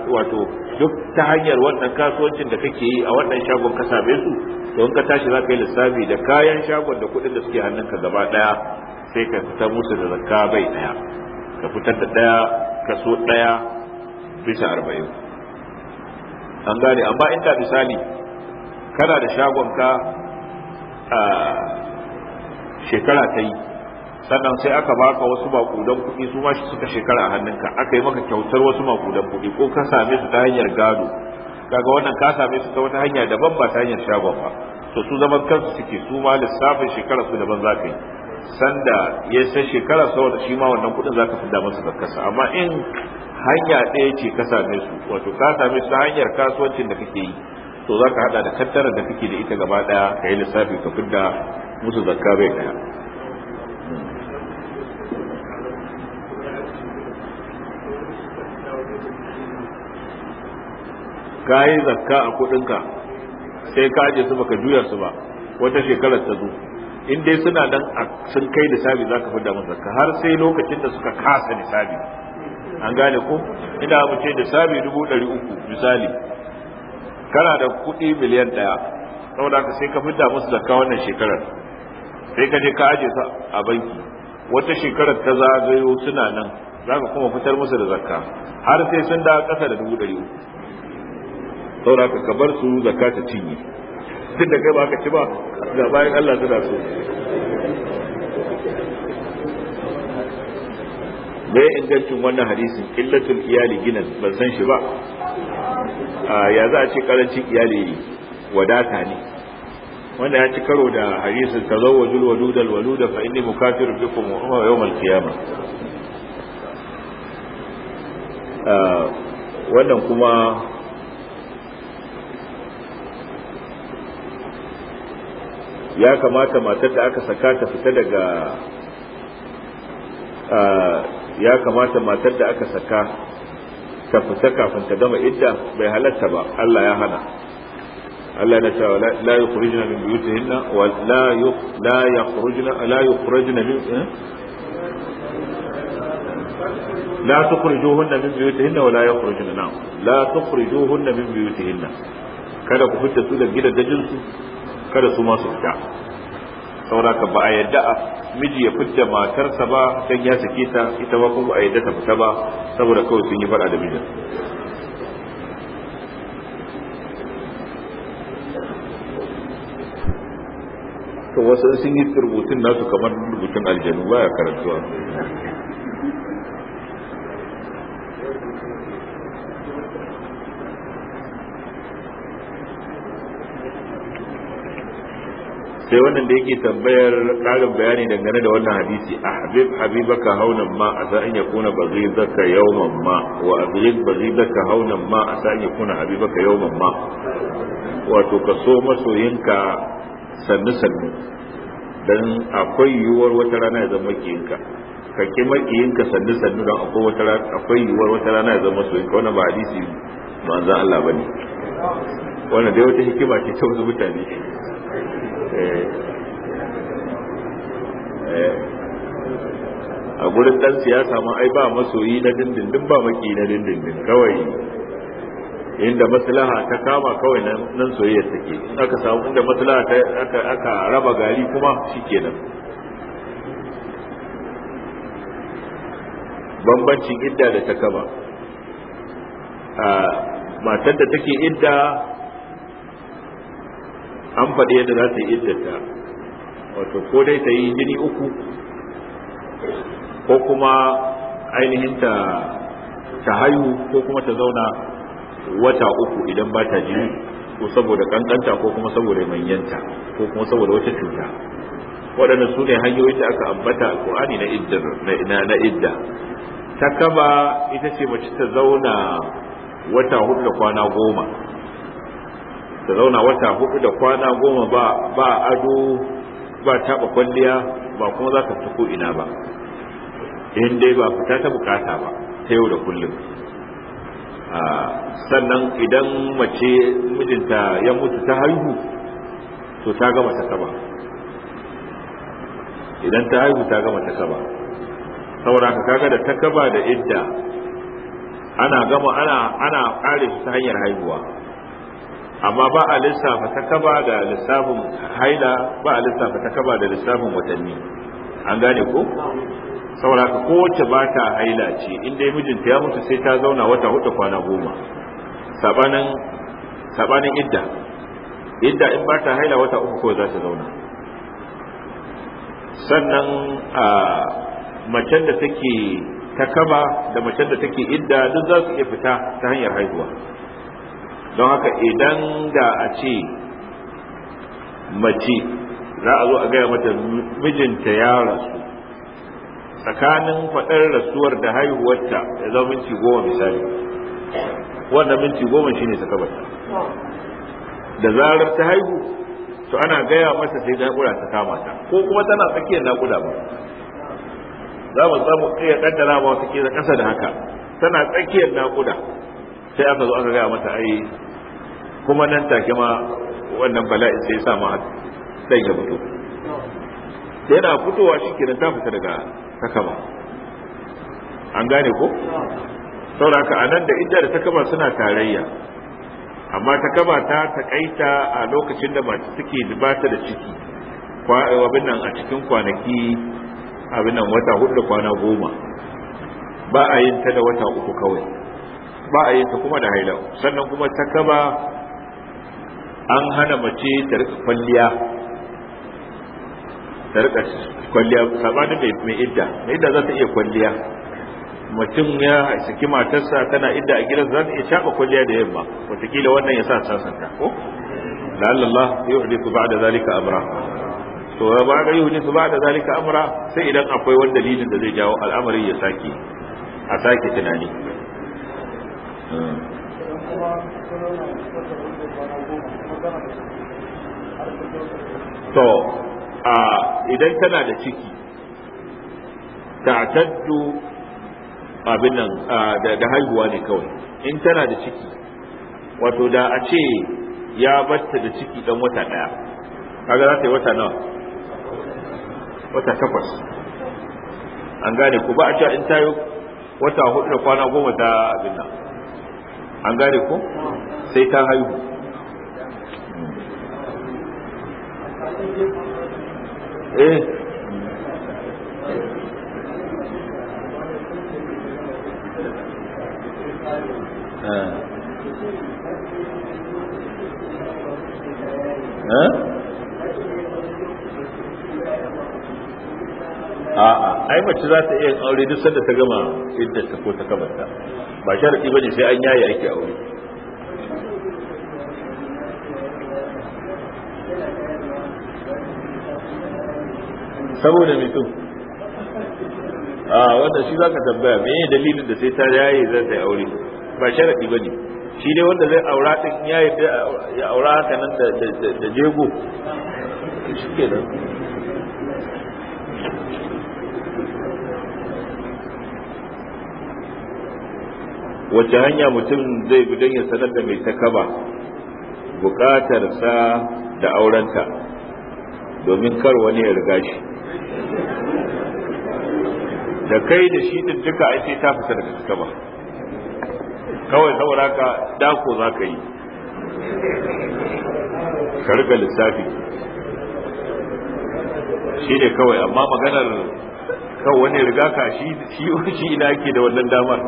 wato duk ta hanyar wannan kasuwancin da kake yi a wannan shagon ka same su to in ka tashi za ka yi lissafi da kayan shagon da kuɗin da suke hannunka gaba ɗaya sai ka fita musu da zakka bai ɗaya ka fitar da ɗaya kaso ɗaya bisa arba'in an gane amma in da misali kana da shagon ka ah, shekara ta yi sannan sai aka baka wasu makudan kuɗi su ma suka shekara a hannunka aka yi maka kyautar wasu makudan kuɗi ko ka same su ta hanyar gado kaga wannan ka same su ta wata hanya daban ba ta hanyar shagon ba to su zaman kansu suke su ma lissafin shekara su daban za ka yi sanda ya san shekara saboda shi ma wannan kuɗin za ka fi damar su kasa amma in hanya ɗaya ce ka same su wato ka same su ta hanyar kasuwancin da kake yi to za ka haɗa da kattarar da kake da ita gaba ɗaya ka yi lissafi ka fi da musu zakka bai ɗaya ka yi zakka a kuɗinka sai ka je su baka juya su ba wata shekarar ta zo in dai suna nan sun kai nisabi za ka fidda mun zakka har sai lokacin da suka kasa nisabi an gane ko ina mu ce nisabi dubu ɗari uku misali kana da kuɗi miliyan ɗaya saboda haka sai ka fidda musu zakka wannan shekarar sai ka je ka aje su a banki wata shekarar ta zagayo suna nan za ka kuma fitar musu da zakka har sai sun da ƙasa da dubu ɗari uku saura ka bar su zakka ta cinye tun da kai ba ka ci ba ga bayan Allah suna so me ingancin wannan hadisin illatul iyali ginan ban san shi ba ya za a ce karancin iyali wadata ne wanda ya ci karo da hadisin tazawwajul waludal waluda fa inni mukafirun bikum wa al qiyamah wannan kuma ya kamata matar da aka saka ta fita daga ya kamata matar da aka saka ta fita kafin ta gama idda bai halatta ba Allah ya hana Allah la yukhrijna min buyutihinna wa la la la yukhrijna min لا تخرجوهن من بيوتهن ولا يخرجن نعم لا تخرجوهن من بيوتهن kada ku fita da kada su ma su fita saboda ka ba a yadda a miji ya fita matarsa ba dan ya sake ta ita ba kuma a yadda ta fita ba saboda kawai sun yi fada da mijin to wasu sun yi rubutun nasu kamar rubutun aljanu baya karantuwa sai wannan da yake tambayar ƙarin bayani dangane da wannan hadisi a habib habibaka haunan ma a sa'in ya kuna bazizaka yawman ma wa abrid bazizaka haunan ma a sa'in ya kuna habibaka yawman ma wato ka so masoyinka sannu sannu dan akwai yiwuwar wata rana ya zama makiyinka ka ki makiyinka sannu sannu dan akwai wata akwai yiwuwar wata rana ya zama masoyinka wannan ba hadisi manzon Allah bane wannan dai wata hikima ce ta wasu mutane Eh. a gurin dan siyasa ma ai ba masoyi na dindindin ba maki na dindindin kawai inda maslaha ta kama kawai nan soyayya take aka samu inda maslaha ta aka aka raba gari kuma shikenan bambancin idda da ta kama a ah, matar da take idda an faɗi yadda za ta yi iddata wato ko dai ta yi jini uku ko kuma ainihin ta ta haihu ko kuma ta zauna wata uku idan ba ta jini ko saboda kankanta ko kuma saboda manyanta ko kuma saboda wata cuta waɗanda su ne hanyoyin da aka ambata a ƙur'ani na idda na idda ta kaba ita ce mace ta zauna wata hudu da kwana goma ta zauna wata hudu da kwana goma ba ba ado ba taba kwalliya ba kuma za ka fita ina ba in dai ba fita ta bukata ba ta yau da kullum sannan idan mace mijinta ya mutu ta haihu to ta gama ta kaba idan ta haihu ta gama ta kaba saboda ka kaga da ta kaba da idda ana gama ana ana kare su ta hanyar haihuwa amma ba a lissafa ta kaba da lissafin haila ba a lissafa ta kaba da lissafin watanni an gane ko sauraka kowace ba ta haila ce inda ya mijinta ya mutu sai ta zauna wata hudu kwana goma sabanin idda idda in ba ta haila wata uku ko za ta zauna sannan a macen da take ta kaba da macen da take idda duk za su iya fita ta hanyar haihuwa don haka idan da a ce mace za a zo a gaya mata mijinta ya rasu tsakanin faɗar rasuwar da haihuwarta ya zama minti goma misali wanda minti goma shine sakabarta da zarar ta haihu to ana gaya mata sai naƙuda ta kama ta ko kuma tana tsakiyar naƙuda ba za mu samu iya ɗaddara ba wata ƙasa da haka tana tsakiyar naƙuda sai aka zo aka gaya mata ai kuma nan take ma wannan bala'i sai ya sa ma sai ya fito yana fitowa shi kenan ta fita daga takaba an gane ko sauraka a nan da idda da takaba suna tarayya amma takaba ta takaita a lokacin da mace take dubata da ciki abin nan a cikin kwanaki abin nan wata hudu kwana goma ba a yin ta da wata uku kawai ba a yin ta kuma da haila sannan kuma takaba an hana mace ta rika kwalliya ta rika kwalliya sabanin mai idda mai idda za ta iya kwalliya mutum ya saki matarsa tana idda a gidan za ta iya shafa kwalliya da yamma wataƙila wannan ya sa sasanta ko hudu ba ba'da zalika amra to ba ga ba ba'da zalika amra sai idan akwai wani dalilin da zai jawo al'amarin ya sake, a sake tunani hmm. to a idan tana da ciki taddu abin nan da haihuwa ne kawai in tana da ciki wato da a ce ya batta da ciki dan wata daya kaga za ta yi wata nawa wata takwas an gane ko ba a cewa in ta yi wata hudu da kwana goma ta abin nan an gane ko sai ta haihu Eh. Eh. eh a'a ai mace za ta iya aure duk sanda ta gama idda ta ko ta kamata ba sharadi bane sai an yaye ake aure saboda mutum, a wanda shi zaka tambaya me ne dalilin da sai ta yaye zan ta aure ba sharadi bane shi dai wanda zai aura din ya ya aura haka nan da da jego shi ke da wace hanya mutum zai bi don ya sanar da mai takaba sa da aurenta domin kar wani ya riga shi da kai da shi din duka ai ta fita daga cika ba kawai saboda ka dako za ka yi ka lissafi shi ne kawai amma maganar kawai wani riga ka shi shi ina ake da wannan damar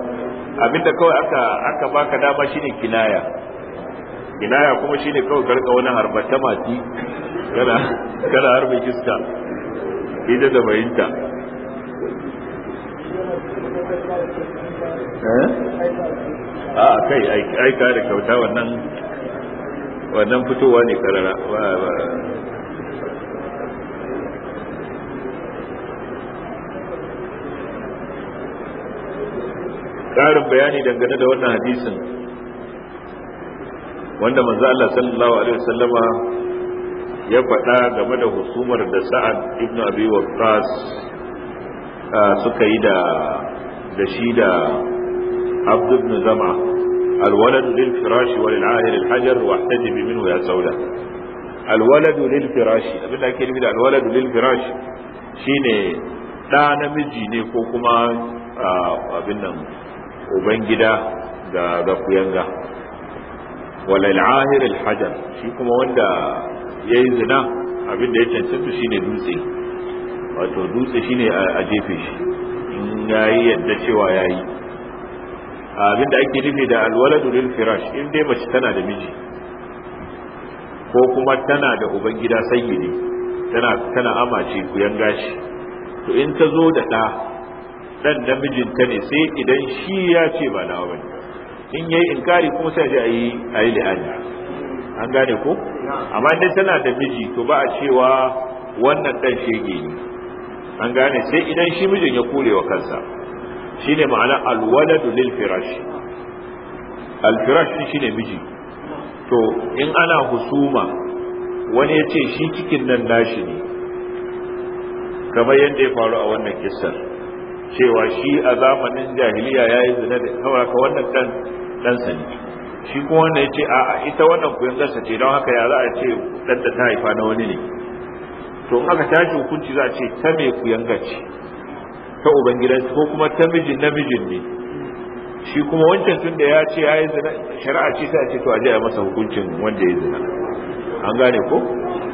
abinda kawai aka aka baka dama shine kinaya kinaya kuma shine kawai ka wani harbata mati kana kana harbin iska ita da bayinta eh? a kai aika da kyauta wannan wannan fitowa ne karara ƙarin bayani dangane da wannan hadisin wanda manzo Allah sallallahu alaihi wasallama ya faɗa game da husumar da sa'ad ibn abi waqqas suka yi da da shi da abd ibn zam'a alwalad lil firashi wal ahir al hajar wa ihtajib minhu ya sauda alwalad lil firashi abinda ake nufi da alwalad lil firashi shine ɗa namiji ne ko kuma abin nan ubangida da Gakuyanga, kuyanga wal ahir shi kuma wanda ya yi zina abin ya cancanta shine dutse wato dutse shine a jefe shi in ya yi yadda cewa ya yi abin ake nufi da alwaladu lil firash in dai mace tana da miji ko kuma tana da ubangida sayyidi tana tana amace ku yanga shi to in ta zo da ɗa ɗan da mijinta ne sai idan shi ya ce ba nawa bane in yayi inkari kuma sai a a yi a yi li'ani an gane ko amma dai tana da miji to ba a cewa wannan dan shege ne an gane sai idan shi mijin ya kore wa kansa shine ma'ana alwaladu lil firash al firash shine miji to in ana husuma wani ya ce shi cikin nan nashi ne kamar yadda ya faru a wannan kissar cewa shi a zamanin jahiliya ya yi zina da ka wannan ɗansa ne shi kuma wanda ya ce a ita wannan kuyangarsa ce don haka ya za a ce ɗan da ta haifa na wani ne to in aka tashi hukunci za a ce ta me kuyangar ce ta Ubangidan ko kuma ta mijin na mijin ne shi kuma wancan tun da ya ce ya yi zina shari'a ce sai a ce to a je a masa hukuncin wanda ya zina an gane ko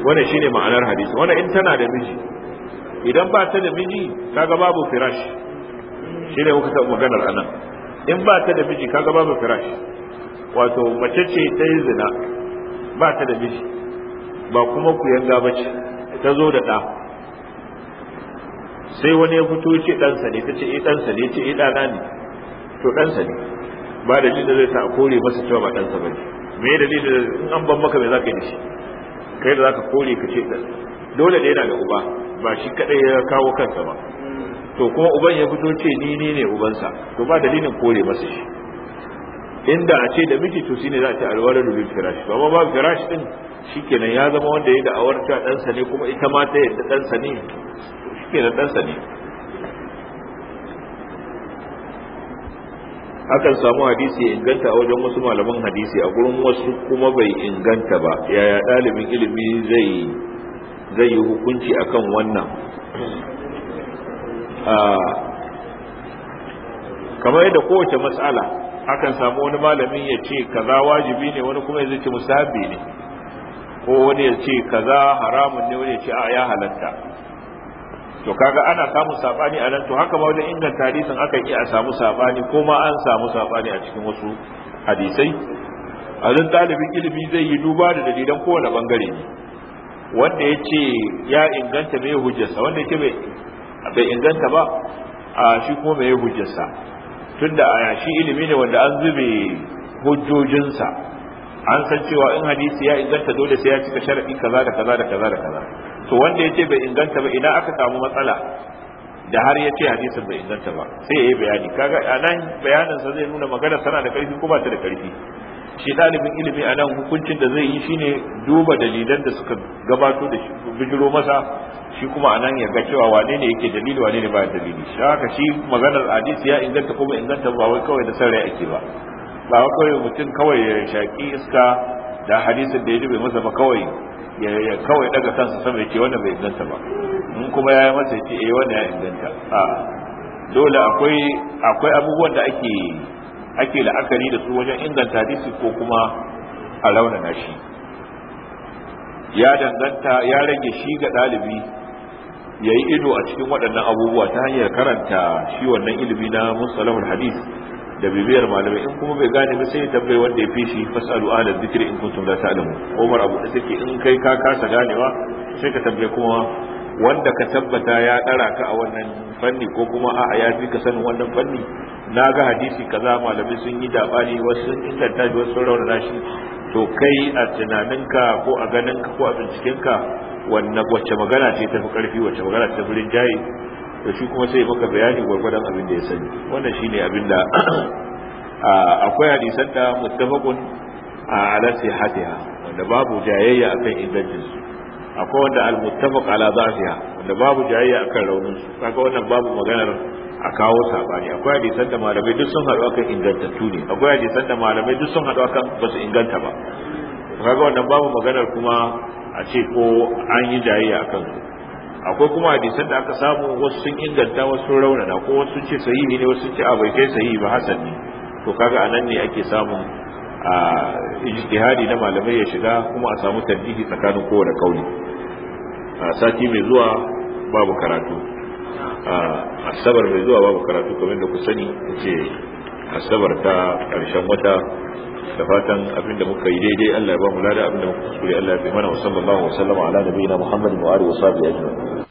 wannan shine ma'anar hadisi wannan in tana da miji idan ba ta da miji kaga babu firash shine muka taɓa maganar anan in ba ta da miji kaga babu firash wato mace ce ta yi zina ba ta da miji ba kuma ku yanga ba ce ta zo da ɗa sai wani ya fito ce ɗansa ne ta ce eh ɗansa ne ce eh ɗana ne to ɗansa ne ba da da zai sa a kore masa cewa ba ɗansa ba ne me da da in an ban maka me za ka yi da shi kai da za ka kore ka ce ɗan dole da yana da uba ba shi kaɗai ya kawo kansa ba to kuma uban ya fito ce ni ne ubansa to ba dalilin kore masa shi inda a ce da miji to shine za a ce alwaladu bil firash ba ba firash din shikenan ya zama wanda ya da awarta dan sa ne kuma ita ma ta yadda dan sa ne shikenan dan sa ne akan samu hadisi ya inganta a wajen wasu malaman hadisi a gurin wasu kuma bai inganta ba yaya ɗalibin ilimi zai zai yi hukunci akan wannan ah, kamar yadda kowace matsala akan samu wani malamin ya ce kaza wajibi ne wani kuma ya ce musahabi ne ko wani ya ce kaza haramun ne wani ya ce a ya halatta to kaga ana samun sabani a nan to haka ma wajen inganta hadisin aka iya a samu sabani ko ma an samu sabani a cikin wasu hadisai a nan ɗalibin ilimi zai yi duba da dalilan kowane bangare ne wanda ya ce ya inganta mai hujjarsa wanda ya ce bai inganta ba a shi kuma mai hujjarsa tunda a yashi ilimi ne wanda an zube hujjojinsa an san cewa in hadisi ya inganta dole sai ya cika sharadi kaza da kaza da kaza da kaza to wanda yace bai inganta ba idan aka samu matsala da har yace hadisin bai inganta ba sai yayi bayani kaga anan bayanin sa zai nuna magana sana da karfi ko ba ta da karfi shi dalibin ilimi anan hukuncin da zai yi shine duba dalilan da suka gabato da shi bijiro masa shi kuma anan ya ga cewa wane ne yake dalili wane ne ba dalili shi haka shi maganar hadisi ya inganta kuma inganta ba wai kawai da sarai ake ba ba wai kawai mutum kawai ya shaki iska da hadisin da ya dube masa ba kawai ya kawai daga kansa sama yake wannan bai inganta ba Mun kuma ya yi masa yake eh wannan ya inganta a dole akwai akwai abubuwan da ake ake la'akari da su wajen inganta hadisi ko kuma a raunana shi ya danganta ya rage shi ga ɗalibi ya yi ido a cikin waɗannan abubuwa ta hanyar karanta shi wannan ilimi na musalahul hadis da bibiyar malamai in kuma bai gane ba sai ya tambaye wanda ya fi shi fasalu da dhikri in kuntum la ta'lamu Umar Abu da take in kai ka kasa ganewa sai ka tambaye kuma wanda ka tabbata ya ɗara ka a wannan fanni ko kuma a'a ya fi ka sanin wannan fanni na ga hadisi kaza malamai sun yi dabani wasu sun inganta wasu sun raunana shi to kai a tunaninka ko a ganinka ko a ka. wannan wacce magana ce tafi karfi wacce magana ce tafi rinjaye to shi kuma sai maka bayani gwargwadon abin da ya sani wannan shine abin da <coughs> akwai hadisan da muttafaqun ala sihatiha wanda babu jayayya akan ingancin akwai wanda al muttafaq ala dhafiha wanda babu jayayya akan raunin su kaga wannan babu maganar a kawo sabani akwai hadisan da malamai duk sun haɗu akan ingantattu ne akwai hadisan da malamai duk sun haɗu akan ba su inganta ba kaga wannan babu maganar kuma a ce ko an yi jayayya kan su akwai kuma hadisan da aka samu wasu sun inganta wasu sun raunana ko wasu ce sayi ne wasu ce a bai kai sayi ba hasan ne to kaga anan ne ake samun a ijtihadi na malamai ya shiga kuma a samu tarjihi tsakanin kowane kauli a sati mai zuwa babu karatu a asabar mai zuwa babu karatu kamar da ku sani ce asabar ta ƙarshen wata da fatan abinda muka yi daidai Allah ya ba mu lada abinda muka kuskure Allah ya bi mana wa sallallahu wa sallama ala nabiyina Muhammadin wa alihi wa sahbihi ajma'in